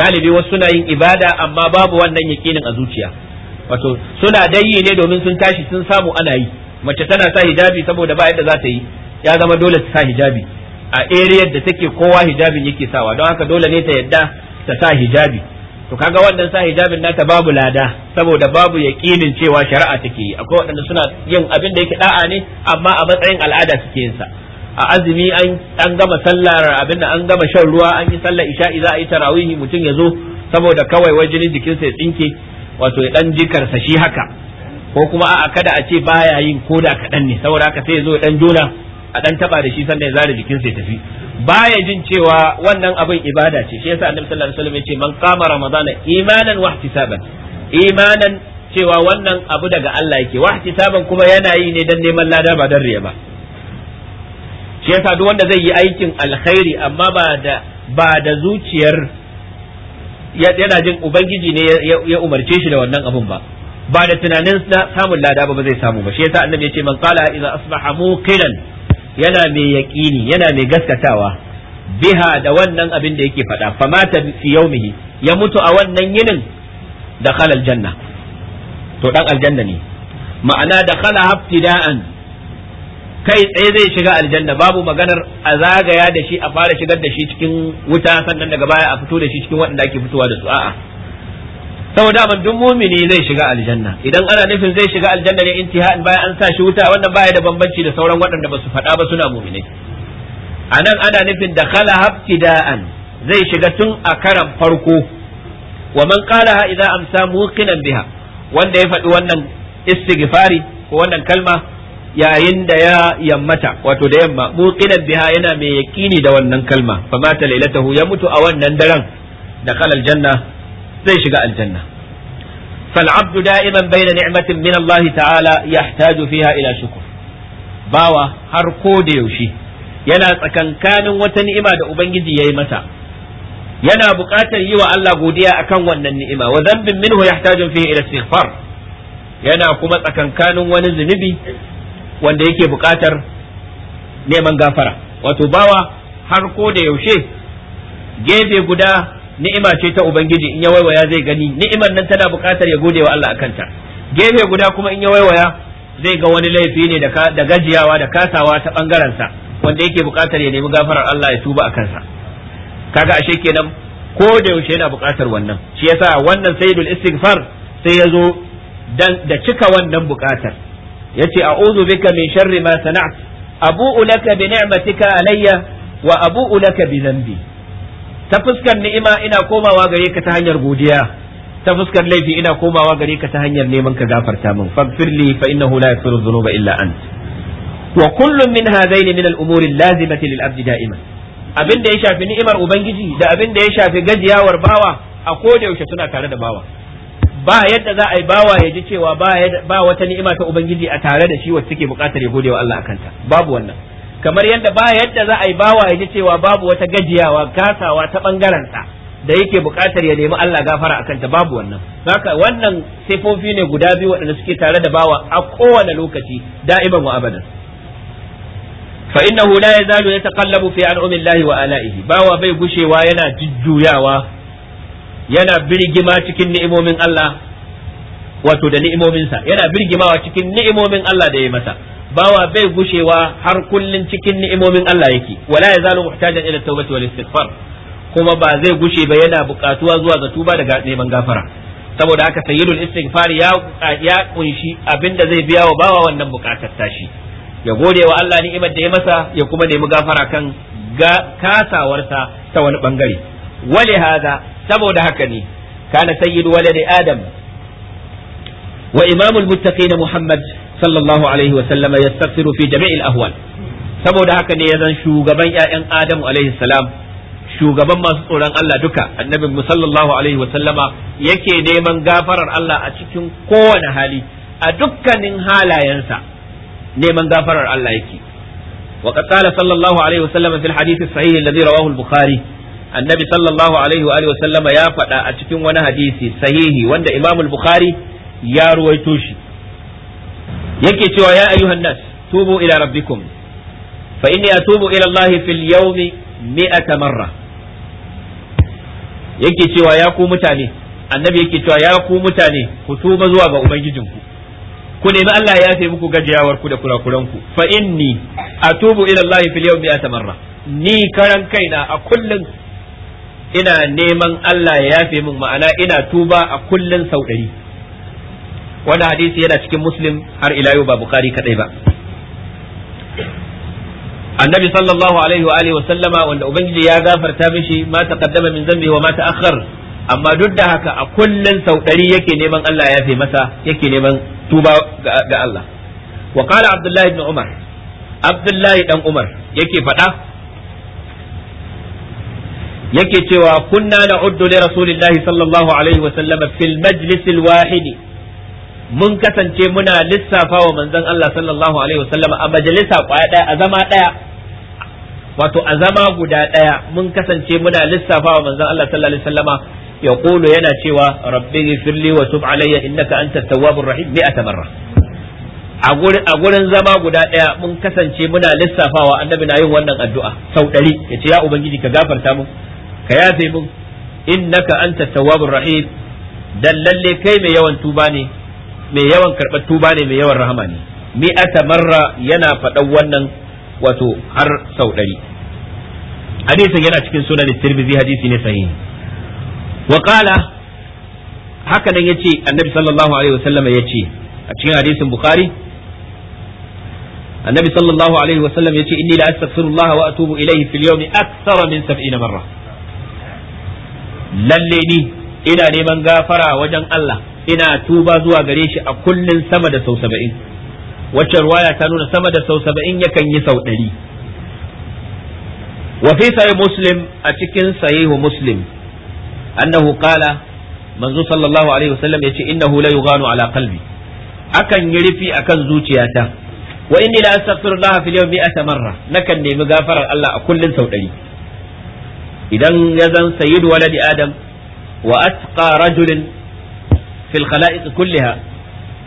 galibi wasu suna yin ibada amma babu wannan yaqinin a zuciya wato suna dayi ne domin sun tashi sun samu ana yi mace tana sa hijabi saboda ba yadda za ta yi ya zama dole ta sa hijabi a area da take kowa hijabin yake sawa don haka dole ne ta yadda ta sa hijabi to kaga wannan sa hijabin nata babu lada saboda babu yaqinin cewa shari'a take yi akwai waɗanda suna yin abin da yake da'a ne amma a matsayin al'ada suke yin sa a azumi an gama sallar abin da an gama shan ruwa an yi sallar isha'i za a yi tarawihi mutum ya zo saboda kawai wajen jikinsa ya tsinke wato ya dan jikarsa shi haka ko kuma a'a kada a ce baya yin ko da kaɗan ne saboda haka sai ya zo dan jona a dan taba da shi sannan ya zare jikin ya tafi baya jin cewa wannan abin ibada ce shi yasa annabi sallallahu alaihi wasallam ya ce man qama ramadana imanan wa ihtisaban imanan cewa wannan abu daga Allah yake wa ihtisaban kuma yana yi ne dan neman lada ba dan riya ba shi yasa duk wanda zai yi aikin alkhairi amma ba da ba da zuciyar yana jin ubangiji ne ya umarce shi da wannan abun ba ba da tunanin samun lada ba zai samu ba shi yasa annabi ya ce man qala idza asbaha muqinan yana mai yaqini yana mai gaskatawa biha da wannan abin da yake faɗa fa mata fi yawmihi ya mutu a wannan yinin da khala aljanna to dan aljanna ne ma'ana da khala habtida'an kai tsaye zai shiga aljanna babu maganar a zagaya da shi a fara shigar da shi cikin wuta sannan daga baya a fito da shi cikin waɗanda ake fitowa da su a'a saboda man duk mumini zai shiga aljanna idan ana nufin zai shiga aljanna ne intihan bayan an sa shi wuta wannan baya da bambanci da sauran waɗanda ba su faɗa ba suna mumini anan ana nufin da khala habtida'an zai shiga tun a karan farko wa man qalaha idza amsa muqinan biha wanda ya faɗi wannan istighfari ko wannan kalma yayin da ya yammata wato da yamma muƙinan biha yana mai yaqini da wannan kalma fa mata lailatahu ya mutu a wannan daren da kalal janna zai shiga aljanna fal abdu da'iman bayna ni'matin min Allah ta'ala yahtaju fiha ila shukr bawa har ko da yaushe yana tsakankanin wata ni'ima da ubangiji yayi mata yana buƙatar yi wa Allah godiya akan wannan ni'ima wa dhanbin minhu yahtaju fihi ila istighfar yana kuma tsakankanin wani zunubi wanda yake buƙatar neman gafara wato bawa har ko da yaushe gefe guda ni'ima ce ta ubangiji in ya waiwaya zai gani ni'imar nan tana buƙatar ya gode wa Allah akanta gefe guda kuma in ya waiwaya zai ga wani laifi ne da gajiyawa da kasawa ta bangaren sa wanda yake buƙatar ya nemi gafarar Allah ya tuba a kansa kaga ashe kenan ko da yaushe yana buƙatar wannan shi yasa wannan sayyidul istighfar sai ya zo da cika wannan buƙatar yace a'udhu bika min sharri ma sana't abu'u laka bi ni'matika alayya wa abu'u laka bi dhanbi ta fuskar ni'ima ina komawa gare ka ta hanyar godiya ta fuskar laifi ina komawa gare ka ta hanyar neman ka gafarta min faghfirli fa innahu la yaghfiru dhunuba illa ant wa kullum min ne min al-umuri al-lazimati lil-abdi da'iman abin da ya shafi ni'imar ubangiji da abin da ya shafi gajiyawar bawa a koda yaushe suna tare da bawa ba yadda za a yi bawa ya ji cewa ba wata ni'ima ta ubangiji a tare da shi wacce take buƙatar ya gode wa Allah kanta, babu wannan kamar yadda ba yadda za a yi bawa ya ji cewa babu wata gajiyawa kasawa ta bangaren sa da yake buƙatar ya nemi Allah gafara akan ta babu wannan haka wannan sifofi ne guda biyu waɗanda suke tare da bawa a kowane lokaci da'iban wa abadan fa innahu la yazalu yataqallabu fi an'amillahi wa ala'ihi bawa bai gushewa yana jujjuyawa yana birgima cikin ni'imomin Allah wato da ni'imominsa yana birgimawa cikin ni'imomin Allah da ya masa bawa bai gushewa har kullun cikin ni'imomin Allah yake wala ya zalu muhtajan ila tawbati wal istighfar kuma ba zai gushe ba yana buƙatuwa zuwa ga tuba daga neman gafara saboda haka sayyidul istighfar ya ya kunshi abinda zai biya wa bawa wannan buƙatar tashi ya gode wa Allah ni'imar da ya masa ya kuma nemi gafara kan kasawarsa ta wani bangare wali hada saboda haka ne kana sayyidu waladi adam wa imamul muttaqin muhammad sallallahu alaihi wa sallama yastaghfiru fi jami'il ahwal saboda haka ne ya zan shugaban ƴaƴan adam salam shugaban masu tsoron Allah duka annabi mu sallallahu alaihi wa sallama yake neman gafarar Allah a cikin kowane hali a dukkanin halayensa neman gafarar Allah yake وقد قال sallallahu الله عليه وسلم في الحديث الصحيح الذي رواه Bukhari. annabi sallallahu alaihi wa sallama ya faɗa a cikin wani hadisi sahihi wanda imamul bukhari ya ruwaito shi yake cewa ya ayyuhan nas tubu ila rabbikum fa inni atubu ila allahi fil yawmi mi'ata marra yake cewa ya ku mutane annabi yake cewa ya ku mutane ku tuba zuwa ga ubangijinku ku nemi Allah ya yafe muku gajiyawar ku da kurakuranku, fa inni atubu ila Allah fil yawmi atamarra ni karan kaina a kullun ina neman Allah ya yafe min ma'ana ina tuba a kullun sau ɗari wani hadisi yana cikin muslim har ila yau ba bukari kadai ba annabi sallallahu alaihi wa alihi wa sallama wanda ubangiji ya gafarta mishi ma taqaddama min zambi wa ma ta'akhkhar amma duk da haka a kullun sau ɗari yake neman Allah ya yafe masa yake neman tuba ga Allah wa qala abdullahi ibn umar abdullahi dan umar yake faɗa yake cewa kunna na'uddu li rasulillahi sallallahu alaihi wa sallama fil majlis al mun kasance muna lissafa wa manzon Allah sallallahu alaihi wa sallama a majalisa kwaya daya a zama daya wato a zama guda daya mun kasance muna lissafa wa manzon Allah sallallahu alaihi wa sallama yaqulu yana cewa rabbi ghfirli wa tub alayya innaka antat tawwabur rahim mi'ata marra a gurin zama guda ɗaya mun kasance muna lissafawa annabi na yin wannan addu'a sau ɗari ya ce ya ubangiji ka gafarta mu ka yafe mun innaka anta tawwabur rahim dan lalle kai mai yawan tuba ne mai yawan karɓar tuba ne mai yawan rahama ne mi'ata marra yana faɗan wannan wato har sau ɗari hadisin yana cikin sunan tirmidhi hadisi ne sahihi wa qala haka nan yace annabi sallallahu alaihi wasallam yace a cikin hadisin bukhari annabi sallallahu alaihi wasallam yace inni la astaghfirullah wa atubu ilayhi fil yawmi akthara min 70 marra lalle ni ina neman gafara wajen Allah ina tuba zuwa gare shi a kullun sama da sau saba'in wacce ruwaya ta nuna sama da sau saba'in yakan yi sau ɗari wa fi sahih muslim a cikin sahihu muslim annahu qala manzo sallallahu alaihi wasallam yace innahu la yughanu ala qalbi akan yi rufi akan zuciyata wa inni la astaghfirullah fil yawmi 100 marra nakan nemi gafarar Allah a kullun sau ɗari idan ya zan sayyid waladi adam wa atqa rajulin fil khala'iq kulliha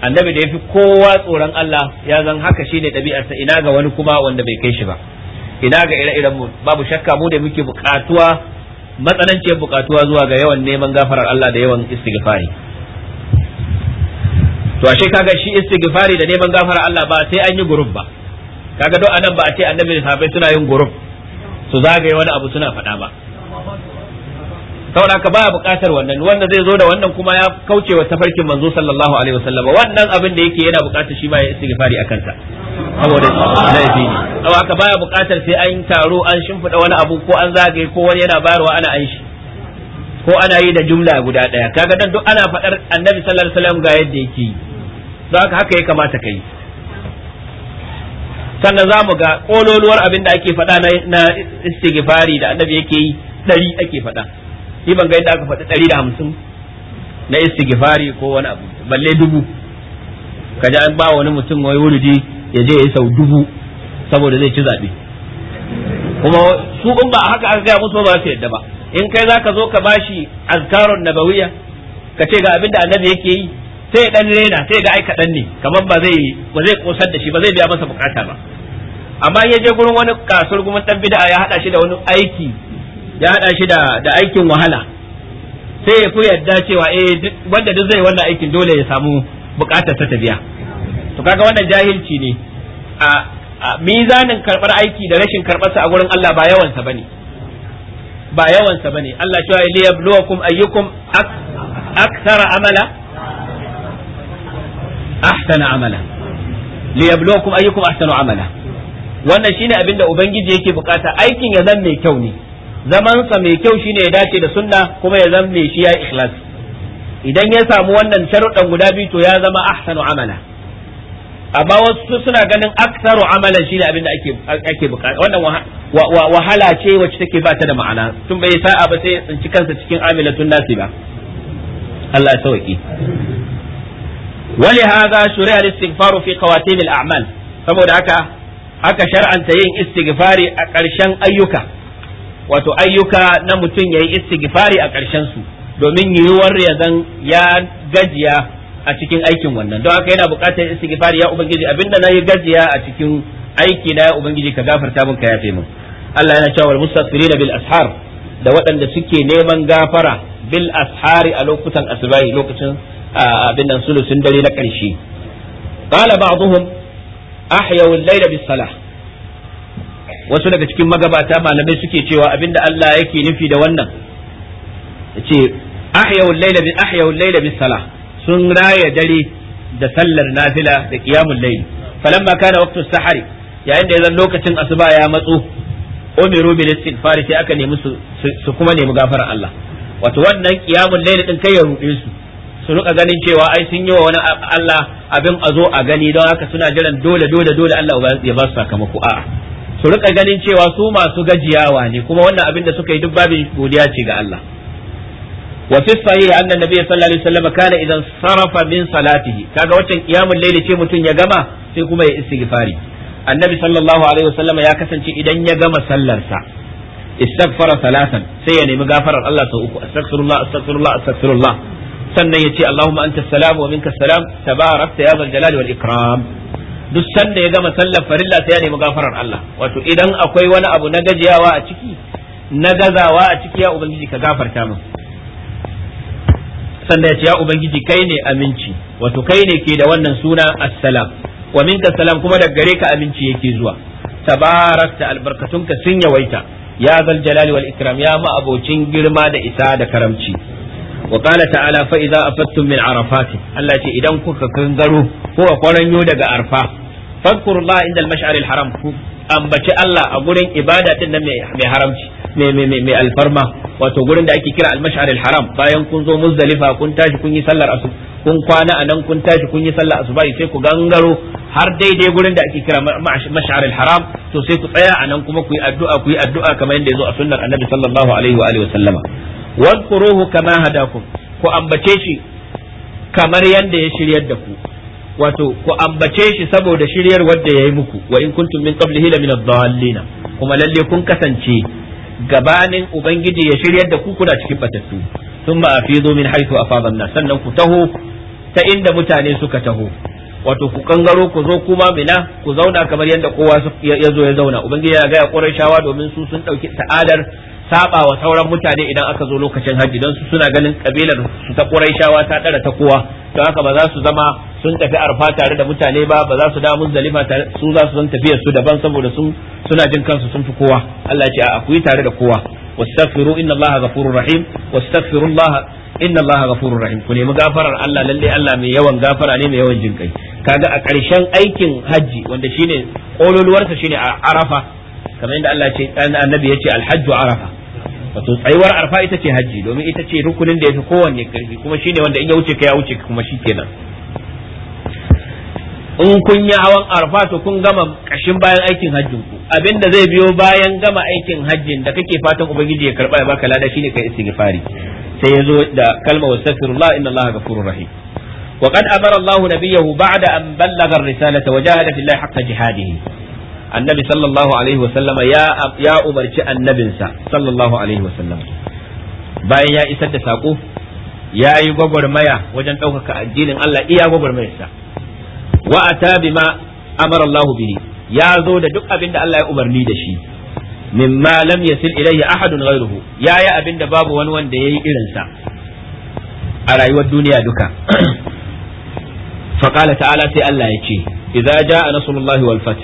annabi da yafi kowa tsoron Allah ya zan haka shine ɗabi'arsa ina ga wani kuma wanda bai kai shi ba ina ga ire-iren mu babu shakka mu da muke bukatuwa matsananciyar bukatuwa zuwa ga yawan neman gafarar Allah da yawan istighfari to ashe kaga shi istighfari da neman gafarar Allah ba sai an yi gurub ba kaga don anan ba a ce annabi da safai suna yin gurub su zagaye wani abu suna faɗa ba saboda haka baya buƙatar wannan wanda zai zo da wannan kuma ya kauce wa tafarkin manzo sallallahu alaihi wasallam wannan abin da yake yana buƙatar shi ma ya istighfari akan sa saboda laifi ne saboda haka baya buƙatar sai an taro an shimfiɗa wani abu ko an zagaye ko wani yana bayarwa ana an shi ko ana yi da jumla guda ɗaya kaga dan duk ana faɗar annabi sallallahu alaihi wasallam ga yadda yake yi don haka haka ya kamata kai sannan za mu ga kololuwar abin da ake faɗa na istighfari da annabi yake yi ɗari ake faɗa shi ban ga yadda aka faɗi ɗari da hamsin na istigifari ko wani abu balle dubu kaji an ba wani mutum wai wurudi ya je ya sau dubu saboda zai ci zaɓe kuma su in ba haka aka gaya musu ba su yadda ba in kai za ka zo ka bashi azkarun nabawiya ka ce ga abin da annabi yake yi sai dan rena sai ga aika dan ne kamar ba zai ba zai kosar da shi ba zai biya masa bukata ba amma ya je gurin wani kasar kuma dan bid'a ya haɗa shi da wani aiki ya haɗa shi da aikin wahala sai ya fi yadda cewa eh wanda duk zai wannan aikin dole ya samu bukatar ta biya to kaga wannan jahilci ne a mizanin karbar aiki da rashin karbarsa a gurin Allah ba yawansa bane ba yawansa bane Allah cewa li yabluwakum ayyukum akthara amala ahsana amala li yabluwakum ayyukum ahsana amala wannan shine abinda ubangiji yake bukata aikin ya zan mai kyau ne zamansa mai kyau shine ya dace da sunna kuma ya zama mai shiya ya ikhlas idan ya samu wannan sharuɗan guda biyu to ya zama ahsanu amala amma wasu suna ganin aktsaru amalan shine abin da ake ake bukata wannan wahala ce wacce take ba ta da ma'ana tun bai sa'a ba sai tsinci kansa cikin amilatun nasi ba Allah ya sauki al شرع fi في al-a'mal saboda haka aka shar'anta yin istighfari a ƙarshen ayyuka wato ayyuka na mutum ya yi istighfari a ƙarshen su domin yiwuwar ya zan ya gajiya a cikin aikin wannan don haka yana buƙatar istighfari ya ubangiji abinda na yi gajiya a cikin aiki na ya ubangiji ka gafarta mun ka yafe min Allah yana cewa mustaghfirina bil ashar da waɗanda suke neman gafara bil ashari a lokutan asbahi lokacin abin nan sulusun dare na ƙarshe qala ba'dhum ahyaw al-layla bis salah wasu daga cikin magabata malamai suke cewa abinda Allah yake nufi da wannan ce ahyawul layla bi ahyawul layla salah sun raya dare da sallar nafila da qiyamul layl falamma kana waqtu sahari yayin da zan lokacin asuba ya matso umiru bil istighfar sai aka nemi su kuma nemi gafarar Allah wato wannan qiyamul layl din kai ya ruɗe su su rika ganin cewa ai sun yi wa wani Allah abin a zo a gani don haka suna jiran dole dole dole Allah ya ba su sakamako a'a su rika ganin cewa su masu gajiyawa ne kuma wannan abin da suka yi duk babin godiya ce ga Allah wa fi sahih anna nabiy sallallahu alaihi wasallam kana idan sarafa min salatihi kaga wacce qiyamul layli ce mutun ya gama sai kuma ya istighfari annabi sallallahu alaihi wasallam ya kasance idan ya gama sallar sallarsa istaghfara salatan sai ya nemi gafarar Allah sau uku astaghfirullah astaghfirullah astaghfirullah sannan ya ce allahumma anta salam wa minka salam tabarakta ya zal jalali wal ikram duk sanda ya gama sallar farilla sai ya nemi gafarar Allah wato idan akwai wani abu na gajiyawa a ciki na gazawa a ciki ya ubangiji ka gafarta min sanda ya ce ya ubangiji kai ne aminci wato kai ne ke da wannan suna assalam wa minka salam kuma daga gare ka aminci yake zuwa tabarakta albarkatunka sun yawaita ya zal jalali wal ikram ya ma abocin girma da isa da karamci wa qala ta'ala fa idza afattum min arafat Allah ce idan kuka kangaro ko kwaranyo daga arfa fadkurullah inda al-mash'ar al-haram ku ambaci Allah a gurin ibada din nan mai haramci mai mai mai alfarma wato gurin da ake kira al-mash'ar al-haram bayan kun zo muzdalifa kun tashi kun yi sallar asu kun kwana anan kun tashi kun yi sallar asuba sai ku gangaro har daidai gurin da ake kira mash'ar al-haram to sai ku tsaya anan kuma ku yi addu'a ku yi addu'a kamar yadda yazo a sunnar annabi sallallahu alaihi wa alihi wa sallama wadkuruhu kama hadakum ku ambace shi kamar yadda ya shiryar da ku wato ku ambace shi saboda shiryar wanda yi muku wa in kuntum min qablihi la min ad-dallin kuma lalle kun kasance gabanin ubangiji ya shiryar da ku kuna cikin batattu thumma afidu min haythu afada an sannan ku taho ta inda mutane suka taho wato ku kangaro ku zo kuma mina ku zauna kamar yadda kowa ya zo ya zauna ubangiji ya gaya shawa domin su sun dauki ta'adar saba wa sauran mutane idan aka zo lokacin haji don su suna ganin kabilar su ta shawa ta dara ta kowa don haka ba za su zama sun tafi arfa tare da mutane ba ba za su damu da tare su za su san tafiyar su daban saboda su suna jin kansu sun fi kowa Allah ya ce a ku tare da kowa wastaghfiru inna Allaha ghafurur rahim wastaghfiru Allah inna Allaha ghafurur rahim ku nemi gafarar Allah lalle Allah mai yawan gafara ne mai yawan jin kai kaga a ƙarshen aikin hajji wanda shine kololuwarsa shine a Arafa kamar yadda Allah ce annabi ya ce alhajju Arafa wato tsayuwar arfa ita ce hajji domin ita ce rukunin da ya fi kowanne karfi kuma shine wanda in ya wuce ka ya wuce kuma shikenan in kun yi hawan arfa to kun gama kashin bayan aikin hajjin ku abinda zai biyo bayan gama aikin hajjin da kake fatan ubangiji ya karba ya baka lada shine kai istighfari sai yazo da kalma wastaghfirullah inna allaha ghafurur rahim wa qad amara allah nabiyahu ba'da an ballagha ar-risalata wa jahada fillahi haqqa jihadihi annabi sallallahu alaihi wa sallama ya ya umarci annabinsa sallallahu alaihi wa sallam bayan ya isar da sako ya yi gwagwarmaya wajen ɗaukaka addinin Allah iya gwagwarmayarsa wa ata bima amara Allah bihi ya zo da duk abin da Allah ya umarni da shi mimma lam yasil ilayhi ahadun ghayruhu yayi abin da babu wani wanda yayi irin sa a rayuwar duniya duka fa qala ta'ala sai Allah ya ce idza jaa nasrullahi wal fath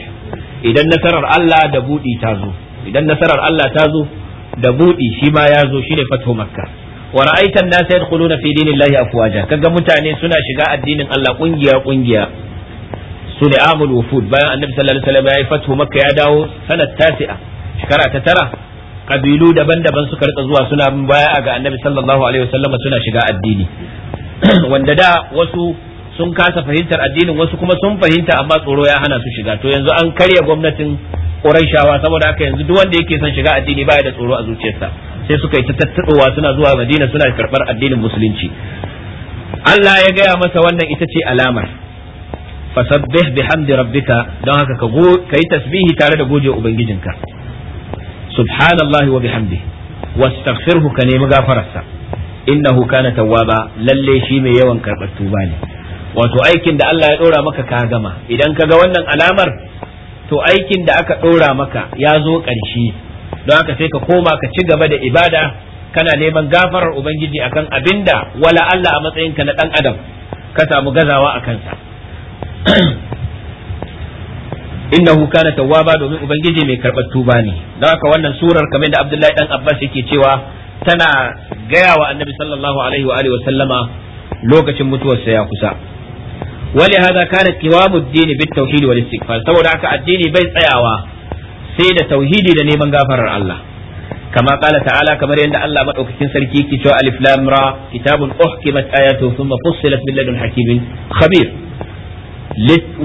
idan nasarar Allah da budi ta zo idan nasarar Allah ta zo da budi shi ma ya zo shine fatho makka wa ra'aita an-nasa yadkhuluna fi dinillahi afwaja kaga mutane suna shiga addinin Allah kungiya kungiya su ne amul wufud bayan annabi sallallahu alaihi wasallam ya yi fatu makka ya dawo sanar tasi'a shekara ta tara kabilu daban-daban suka rika zuwa suna bin baya ga annabi sallallahu alaihi wasallam suna shiga addini wanda da wasu sun kasa fahimtar addinin wasu kuma sun fahimta amma tsoro ya hana su shiga to yanzu an karya gwamnatin Qurayshawa saboda haka yanzu duk wanda yake son shiga addini baya da tsoro a zuciyarsa sai suka yi ta tattaɓowa suna zuwa Madina suna karɓar addinin musulunci Allah ya gaya masa wannan ita ce alamar fasabbih bihamdi rabbika don haka ka kai tasbihi tare da goje ubangijinka subhanallahi wa bihamdi wastaghfirhu ka nemi gafararsa innahu kana tawwaba lalle shi mai yawan karɓar tuba ne wato aikin da Allah ya dora maka ka gama idan ka ga wannan alamar to aikin da aka dora maka ya zo ƙarshe don haka sai ka koma ka ci gaba da ibada kana neman gafarar ubangiji akan abinda wala Allah a matsayinka na dan adam ka samu gazawa a kansa inna innahu kana ba domin ubangiji mai karɓar tuba ne don haka wannan surar kamar da Abdullahi dan Abbas yake cewa tana gaya wa Annabi sallallahu alaihi wa alihi wa sallama lokacin mutuwarsa ya kusa wali hada kana qiwamud dini bit tauhid wal istighfar saboda haka addini bai tsayawa sai da tauhidi da neman gafarar Allah kama kala ta'ala kamar yadda Allah madaukakin sarki yake cewa alif lam ra kitabun uhkimat ayatu thumma fussilat min ladun hakimin khabir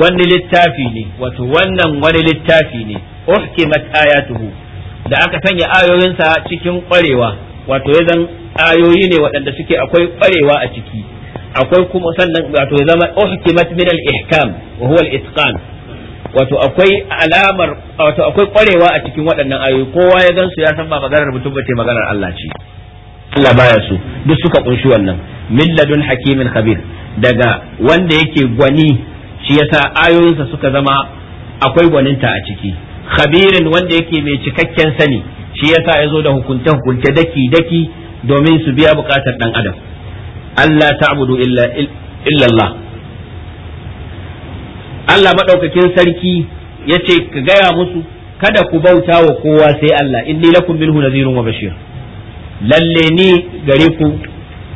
wani littafi ne wato wannan wani littafi ne uhkimat tuhu da aka sanya ayoyinsa cikin kwarewa wato yazan ayoyi ne waɗanda suke akwai kwarewa a ciki akwai kuma sannan wato ya zama uhkimat min al-ihkam wa huwa wato akwai alamar wato akwai kwarewa a cikin waɗannan ayoyi kowa ya gansu ya san ba maganar mutum bace maganar Allah ce Allah baya su duk suka kunshi wannan min ladun hakimin khabir daga wanda yake gwani shi yasa ayoyinsa suka zama akwai gwaninta a ciki khabirin wanda yake mai cikakken sani shi yasa ya zo da hukunta-hukunta daki daki domin su biya bukatar dan adam Allah ta'budu illa illallah Allah madaukakin sarki yace ka gaya musu kada ku bauta wa kowa sai Allah inni lakum minhu nadhirun wa bashir lalle ni gare ku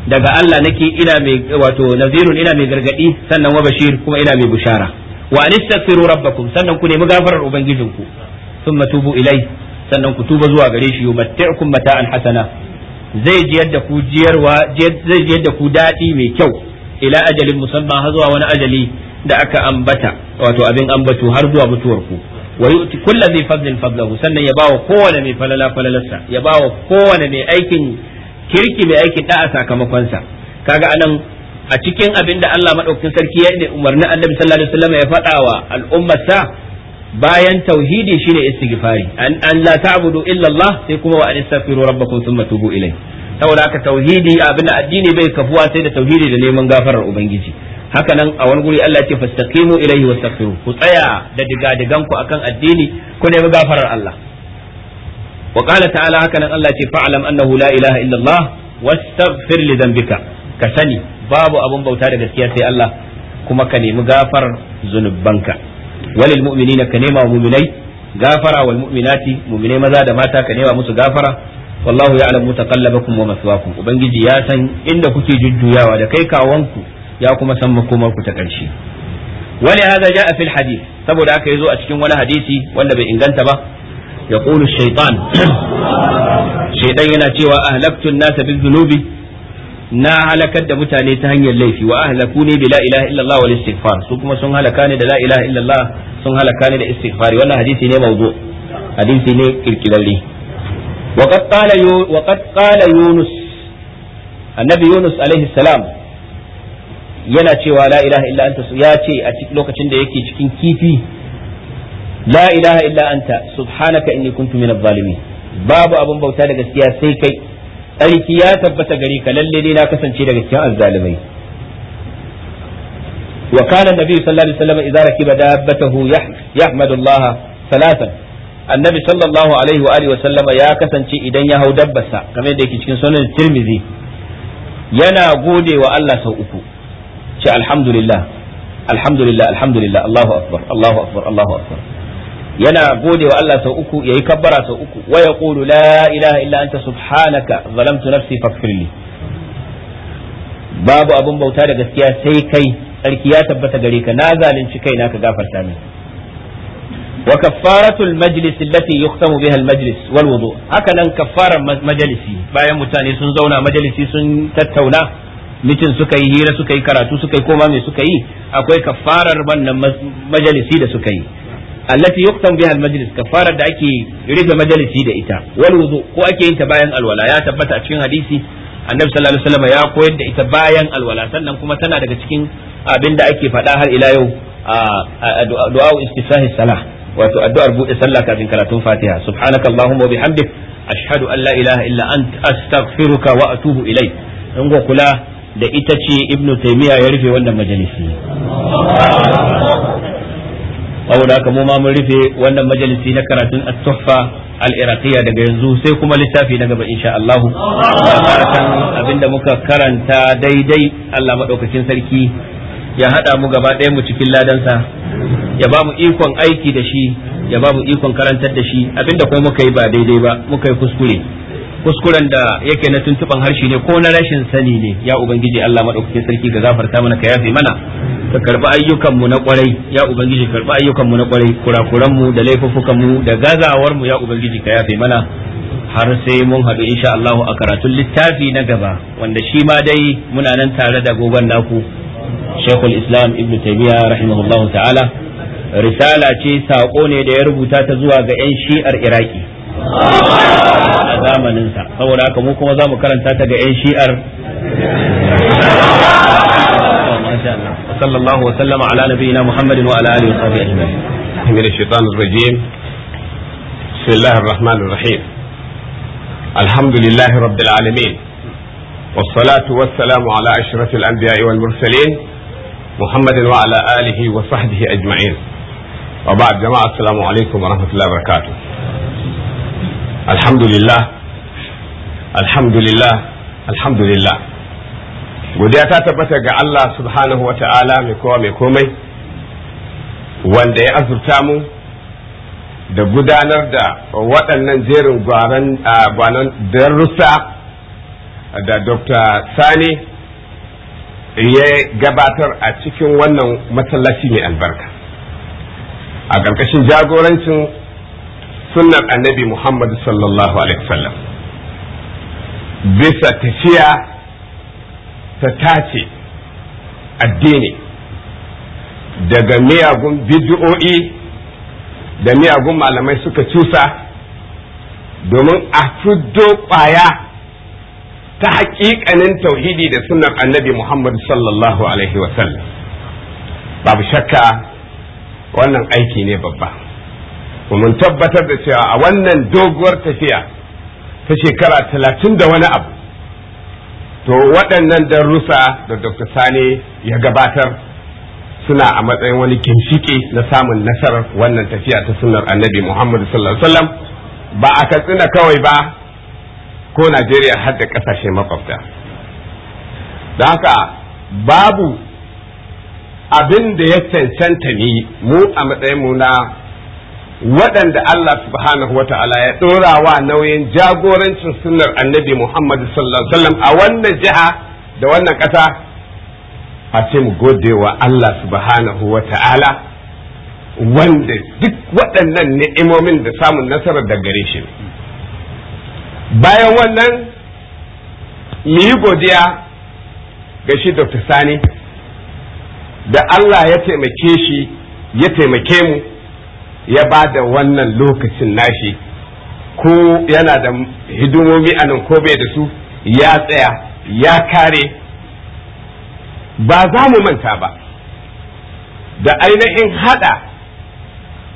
daga Allah nake ina mai wato nazirun ina mai gargadi sannan wa bashir kuma ina mai bushara wa anistaghfiru rabbakum sannan ku nemi gafarar Ubangijin ku. thumma tubu ilai sannan ku tuba zuwa gare shi yumatti'ukum mata'an hasana zai jiyar da ku jiyarwa zai jiyar da ku dadi mai kyau ila ajalin musamman har zuwa wani ajali da aka ambata wato abin ambatu har zuwa mutuwar ku wa yu'ti kulli dhi fadlin fadlahu sannan ya bawa kowane mai falala falalarsa ya bawa kowane mai aikin kirki mai aikin da'a sakamakonsa kaga anan a cikin abin da Allah madaukakin sarki ya umarni annabi sallallahu alaihi wasallam ya faɗa wa al'ummarsa bayan tauhidi shine istighfari an an la ta'budu illa Allah sai kuma wa an rabbakum thumma tubu ilayhi saboda haka tauhidi abin addini bai kafuwa sai da tauhidi da neman gafarar ubangiji haka nan a wani guri Allah ya ce fastaqimu ilayhi wastaghfiru ku tsaya da diga-digan ku akan addini ku nemi gafarar Allah wa ta'ala hakanan nan Allah ce fa'lam annahu la ilaha illallah wastaghfir li dhanbika ka sani babu abun bauta da gaskiya sai Allah kuma ka nemi gafar zunubanka walil mu'minina ka nema wa mu'minai gafara wal mu'minati mu'minai maza da mata ka nema musu gafara wallahu ya'lamu mutaqallabakum wa maswaakum ubangiji ya san inda kuke jujjuyawa da kai kawanku ya kuma san makomar ku ta ƙarshe wani hada ja'a fil hadith saboda aka haka zo a cikin wani hadisi wanda bai inganta ba يقول الشيطان شيطان yana cewa ahlaktu an-nasa bil-dhunubi na halakar da mutane ta hanyar laifi wa ahlakuni bi la ilaha illallah wal istighfar su kuma sun halaka ne da la ilaha illallah sun halaka ne da istighfar wannan hadisi ne mawdu hadisi ne kirkirarre wa qad yunus annabi yunus salam yana cewa la ilaha ya ce a lokacin da yake cikin kifi la ilaha illa anta subhanaka inni kuntu minadh zalimin babu abun bauta da gaskiya sai kai tsarki ya tabbata gari ka lalle ne na kasance daga cikin azzalimai wa kana nabi sallallahu alaihi wasallam idza rakiba dabbatahu yahmadu Allah salatan annabi sallallahu alaihi wa alihi ya kasance idan ya hau dabbasa game da yake cikin sunan tirmidhi yana gode wa Allah sau uku ce alhamdulillah alhamdulillah alhamdulillah Allahu akbar Allahu akbar yana gode wa Allah sau uku yayi kabbara sau uku wa yaqulu la ilaha illa anta subhanaka zalamtu nafsi faghfirli babu abun bauta da gaskiya sai kai tsarki ya tabbata gare ka na zalunci kai na ka gafarta min wa kaffaratul majlis allati yuqtamu biha al majlis wal wudu haka nan kaffarar majalisi bayan mutane sun zauna majalisi sun tattauna mitin suka yi hira suka yi karatu suka yi koma me suka yi akwai kaffarar wannan majalisi da suka yi allati yuqtam biha almajlis kafarar da ake rufe majalisi da ita wal wudu ko ake yin ta bayan alwala ya tabbata a cikin hadisi annabi sallallahu alaihi ya koyar da ita bayan alwala sannan kuma tana daga cikin abin da ake faɗa har ila yau a du'a istisahi salah wato addu'ar buɗe sallah kafin karatun fatiha subhanakallahumma wa bihamdik ashhadu an la ilaha illa ant astaghfiruka wa ilai ilayk in kula da ita ce ibnu taymiya ya rufe wannan majalisi saboda haka mu ma mun rufe wannan majalisi na karatun at-tuhfa al-iraqiyya daga yanzu sai kuma littafi na gaba insha Allah fatan abinda muka karanta daidai Allah madaukakin sarki ya hada mu gaba ɗaya mu cikin ladansa ya ba mu ikon aiki da shi ya ba mu ikon karantar da shi abinda kuma muka yi ba daidai ba muka yi kuskure kuskuren da yake na tuntuban harshe ne ko na rashin sani ne ya ubangiji Allah madaukakin sarki ga zafarta mana ka yafe mana ka karbi ayyukan mu na kwarai ya ubangiji ka karbi ayyukan mu na kwarai kurakuran mu da laifuffukan mu da gazawar mu ya ubangiji ka yafe mana har sai mun haɗu insha Allah a karatun littafi na gaba wanda shi ma dai muna nan tare da gogon naku Sheikhul Islam Ibn Taymiyyah rahimahullahu ta'ala risala ce sako ne da ya rubuta ta zuwa ga 'yan shi'ar Iraki a zamaninsa saboda haka mu kuma za mu karanta ta ga 'yan shi'ar الله وسلم على نبينا محمد وعلى اله وصحبه اجمعين. الحمد لله رب العالمين والصلاة والسلام على أشرف الأنبياء والمرسلين محمد وعلى آله وصحبه أجمعين وبعد جماعة السلام عليكم ورحمة الله وبركاته لله الحمد لله godiya ta tabbata ga Allah subhanahu wa ta'ala mai kowa mai komai wanda ya azurta mu da gudanar da waɗannan jerin gwanon darussa da Dr. Sani ya gabatar a cikin wannan masallaci mai albarka a ƙarƙashin jagorancin sunnar annabi Muhammad sallallahu alaihi wasallam bisa tafiya ta tace addini daga miyagun bid'o'i da miyagun malamai suka cusa domin a fiddo ƙwaya ta haƙiƙanin tauhidi da sunnar annabi Muhammad sallallahu alaihi wasallam babu shakka wannan aiki ne babba mun tabbatar da cewa a wannan doguwar tafiya ta shekara talatin da wani abu to waɗannan darussa da dr sani ya gabatar suna a matsayin wani ginshiƙe na samun nasarar wannan tafiya ta sunar annabi muhammadu sallallahu alaihi ba a katsina kawai ba ko najeriya har da ƙasashe makwabta da haka babu abin da ya cancanta ni mu a matsayin mu na waɗanda Allah subhanahu wa ta'ala ya ɗora wa nauyin jagorancin sunnar annabi Muhammad sallallahu alaihi wasallam a wannan jiha da wannan ƙasa a ce mu gode wa Allah subhanahu wa ta'ala wanda duk waɗannan ni'imomin da samun nasarar da gare shi bayan wannan mu yi godiya ga shi Dr. Sani da Allah ya taimake shi ya taimake mu ya ba da wannan lokacin nashi ko yana da hidimomi a nan ko bai da su ya tsaya ya kare ba za mu manta ba da ainihin hada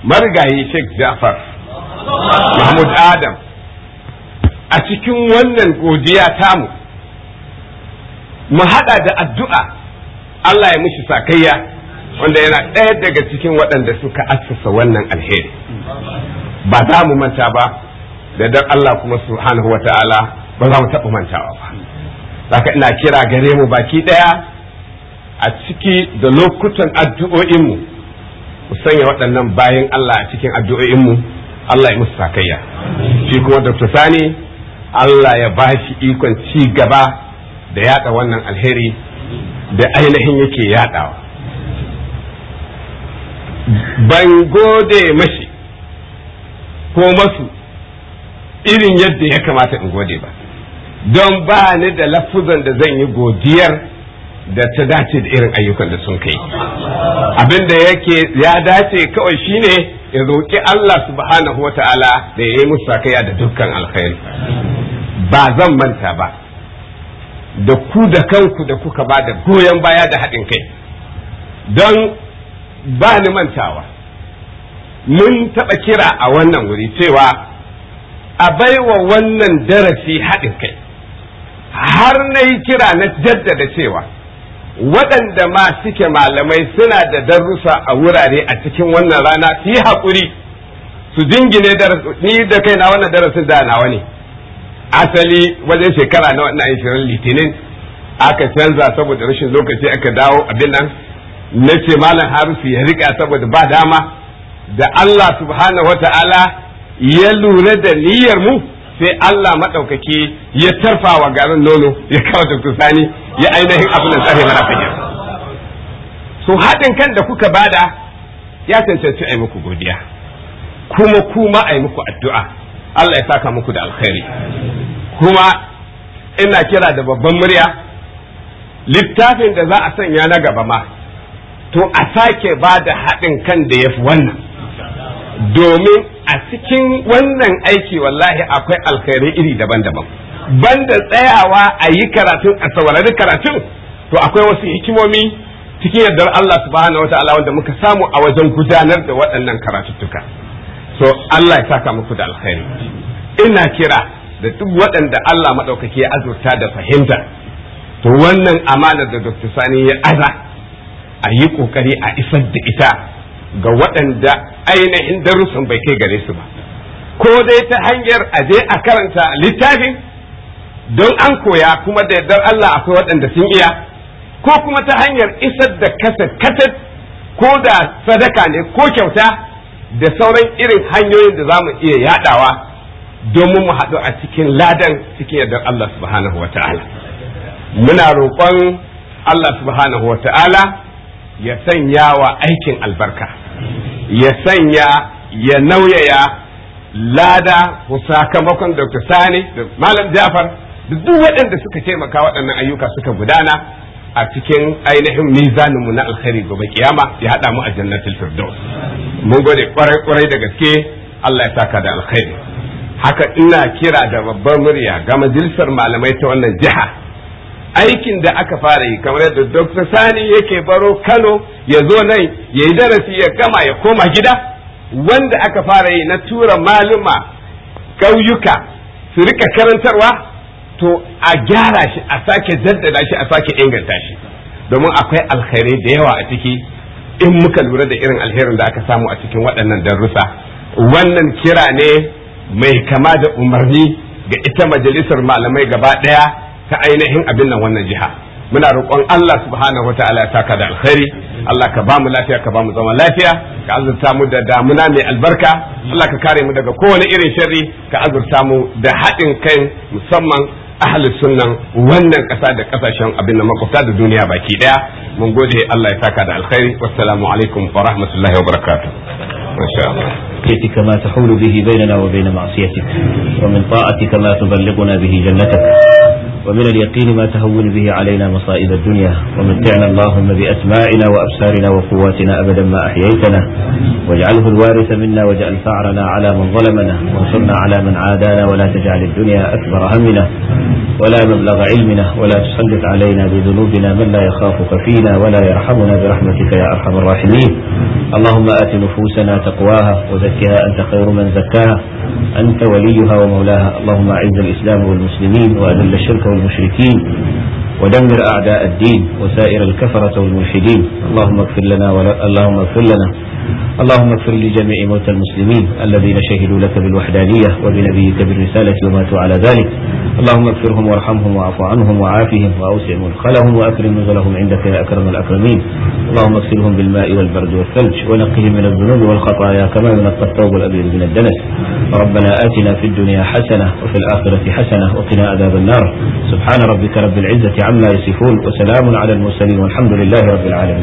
marigayi sheik Jafar Mahmud Adam a cikin wannan godiya tamu mu hada da addu'a Allah ya mushi sakayya wanda yana ɗaya daga cikin waɗanda suka assasa wannan alheri ba za mu manta ba da dan Allah kuma subhanahu wa ta'ala ba za mu taɓa mantawa ba zaka ina kira gare mu baki ɗaya a ciki da lokutan addu'o'inmu mu sanya waɗannan bayan Allah a cikin addu'o'inmu Allah ya musu sakayya shi kuma Dr. Sani Allah ya ba shi ikon ci gaba da yada wannan alheri da ainihin yake yaɗawa. ban gode mashi ko masu irin yadda ya kamata in gode ba don ba ni da lafuzan da zan yi godiyar da ta dace da irin ayyukan da sun kai abin da yake ya dace kawai shine in roƙi Allah subhanahu wata'ala da ya yi musu da dukkan alkhairi ba zan manta ba da ku da kanku da kuka ba da goyon baya da haɗin kai don ba ni mantawa mun taɓa kira a wannan wuri cewa a baiwa wannan darasi haɗin kai har na yi kira na jaddada cewa waɗanda ma suke malamai suna da darussa a wurare a cikin wannan rana su yi haƙuri su jingine ni da kai na wannan darasin da nawa ne asali wajen shekara na wannan shirin litinin aka canza saboda rashin lokaci aka dawo abin nan na ce malam harisu ya rika saboda ba dama da Allah subhanahu wa ta'ala ya lura da niyyar mu sai Allah maɗaukaki ya tarfa wa garin nono ya kawo da sani ya ainihin abin da tsare mana fage so haɗin kan da kuka bada ya cancanci a yi muku godiya kuma kuma a muku addu'a Allah ya saka muku da alkhairi kuma ina kira da babban murya littafin da za a sanya na gaba ma to a sake ba da haɗin kan da ya fi wannan domin a cikin wannan aiki wallahi akwai alkhairi iri daban-daban banda tsayawa a yi karatun a saurari karatun to akwai wasu hikimomi cikin yardar Allah subhanahu wata'ala wanda muka samu a wajen gudanar da waɗannan karatuttuka so Allah ya saka muku da alkhairi ina kira da duk waɗanda Allah maɗaukaki ya azurta da fahimta to wannan amanar da Dr. Sani ya aza a yi kokari a isar da ita ga waɗanda ainihin darussan bai kai gare su ba ko dai ta hanyar a je a karanta littafin don an koya kuma da yardar Allah akwai waɗanda sun iya ko kuma ta hanyar isar da kasat kasat ko da sadaka ne ko kyauta da sauran irin hanyoyin da za mu iya yaɗawa domin mu haɗu a cikin ladan cikin yardar Allah subhanahu wa ta'ala muna roƙon Allah subhanahu wa ta'ala ya sanya wa aikin albarka ya sanya ya nauyaya lada ko sakamakon dr sani da malam jafar duk waɗanda suka taimaka waɗannan ayyuka suka gudana a cikin ainihin mizaninmu na alkhairi gobe kiyama ya haɗa mu a jannatul firdaus mun gode ƙwarai ƙwarai da gaske Allah ya saka da alkhairi haka ina kira da babbar murya ga majalisar malamai ta wannan jiha aikin da aka fara yi kamar yadda Dr. Sani yake baro Kano ya zo nan ya yi darasi ya gama ya koma gida wanda aka fara yi na tura maluma ƙauyuka su rika karantarwa to a gyara shi a sake jaddada shi a sake inganta shi domin akwai alkhairai da yawa a ciki in muka lura da irin alherin da aka samu a cikin waɗannan darussa wannan kira ne mai kama da umarni ga ita majalisar malamai gaba ɗaya ta ainihin abin nan wannan jiha muna roƙon Allah subhanahu wa ta'ala ya saka da alkhairi Allah ka bamu lafiya ka bamu mu zaman lafiya ka azurta mu da damuna mai albarka Allah ka kare mu daga kowane irin sharri ka azurta mu da haɗin kai musamman ahli sunnan wannan ƙasa da ƙasashen abin da makwabta da duniya baki daya mun gode Allah ya saka da alkhairi wassalamu alaikum wa rahmatullahi wa barakatuh masha Allah كيفك ما تحول به بيننا وبين معصيتك ومن طاعتك ما تبلغنا به جنتك ومن اليقين ما تهون به علينا مصائب الدنيا ومتعنا اللهم بأسماعنا وأبصارنا وقواتنا أبدا ما أحييتنا واجعله الوارث منا واجعل ثأرنا على من ظلمنا وانصرنا على من عادانا ولا تجعل الدنيا أكبر همنا ولا مبلغ علمنا ولا تسلط علينا بذنوبنا من لا يخافك فينا ولا يرحمنا برحمتك يا أرحم الراحمين اللهم آت نفوسنا تقواها وزكها أنت خير من زكاها أنت وليها ومولاها اللهم أعز الإسلام والمسلمين وأذل الشرك والمشركين ودمر أعداء الدين وسائر الكفرة والملحدين اللهم اغفر لنا ولا اللهم اغفر لنا اللهم اغفر لجميع موتى المسلمين الذين شهدوا لك بالوحدانية وبنبيك بالرسالة وماتوا على ذلك اللهم اغفرهم وارحمهم واعف عنهم وعافهم وأوسع مدخلهم وأكرم نزلهم عندك يا أكرم الأكرمين اللهم اغسلهم بالماء والبرد والثلج ونقهم من الذنوب والخطايا كما ينقى الثوب الأبيض من الدنس ربنا آتنا في الدنيا حسنة وفي الآخرة حسنة وقنا عذاب النار سبحان ربك رب العزة عما يصفون وسلام على المرسلين والحمد لله رب العالمين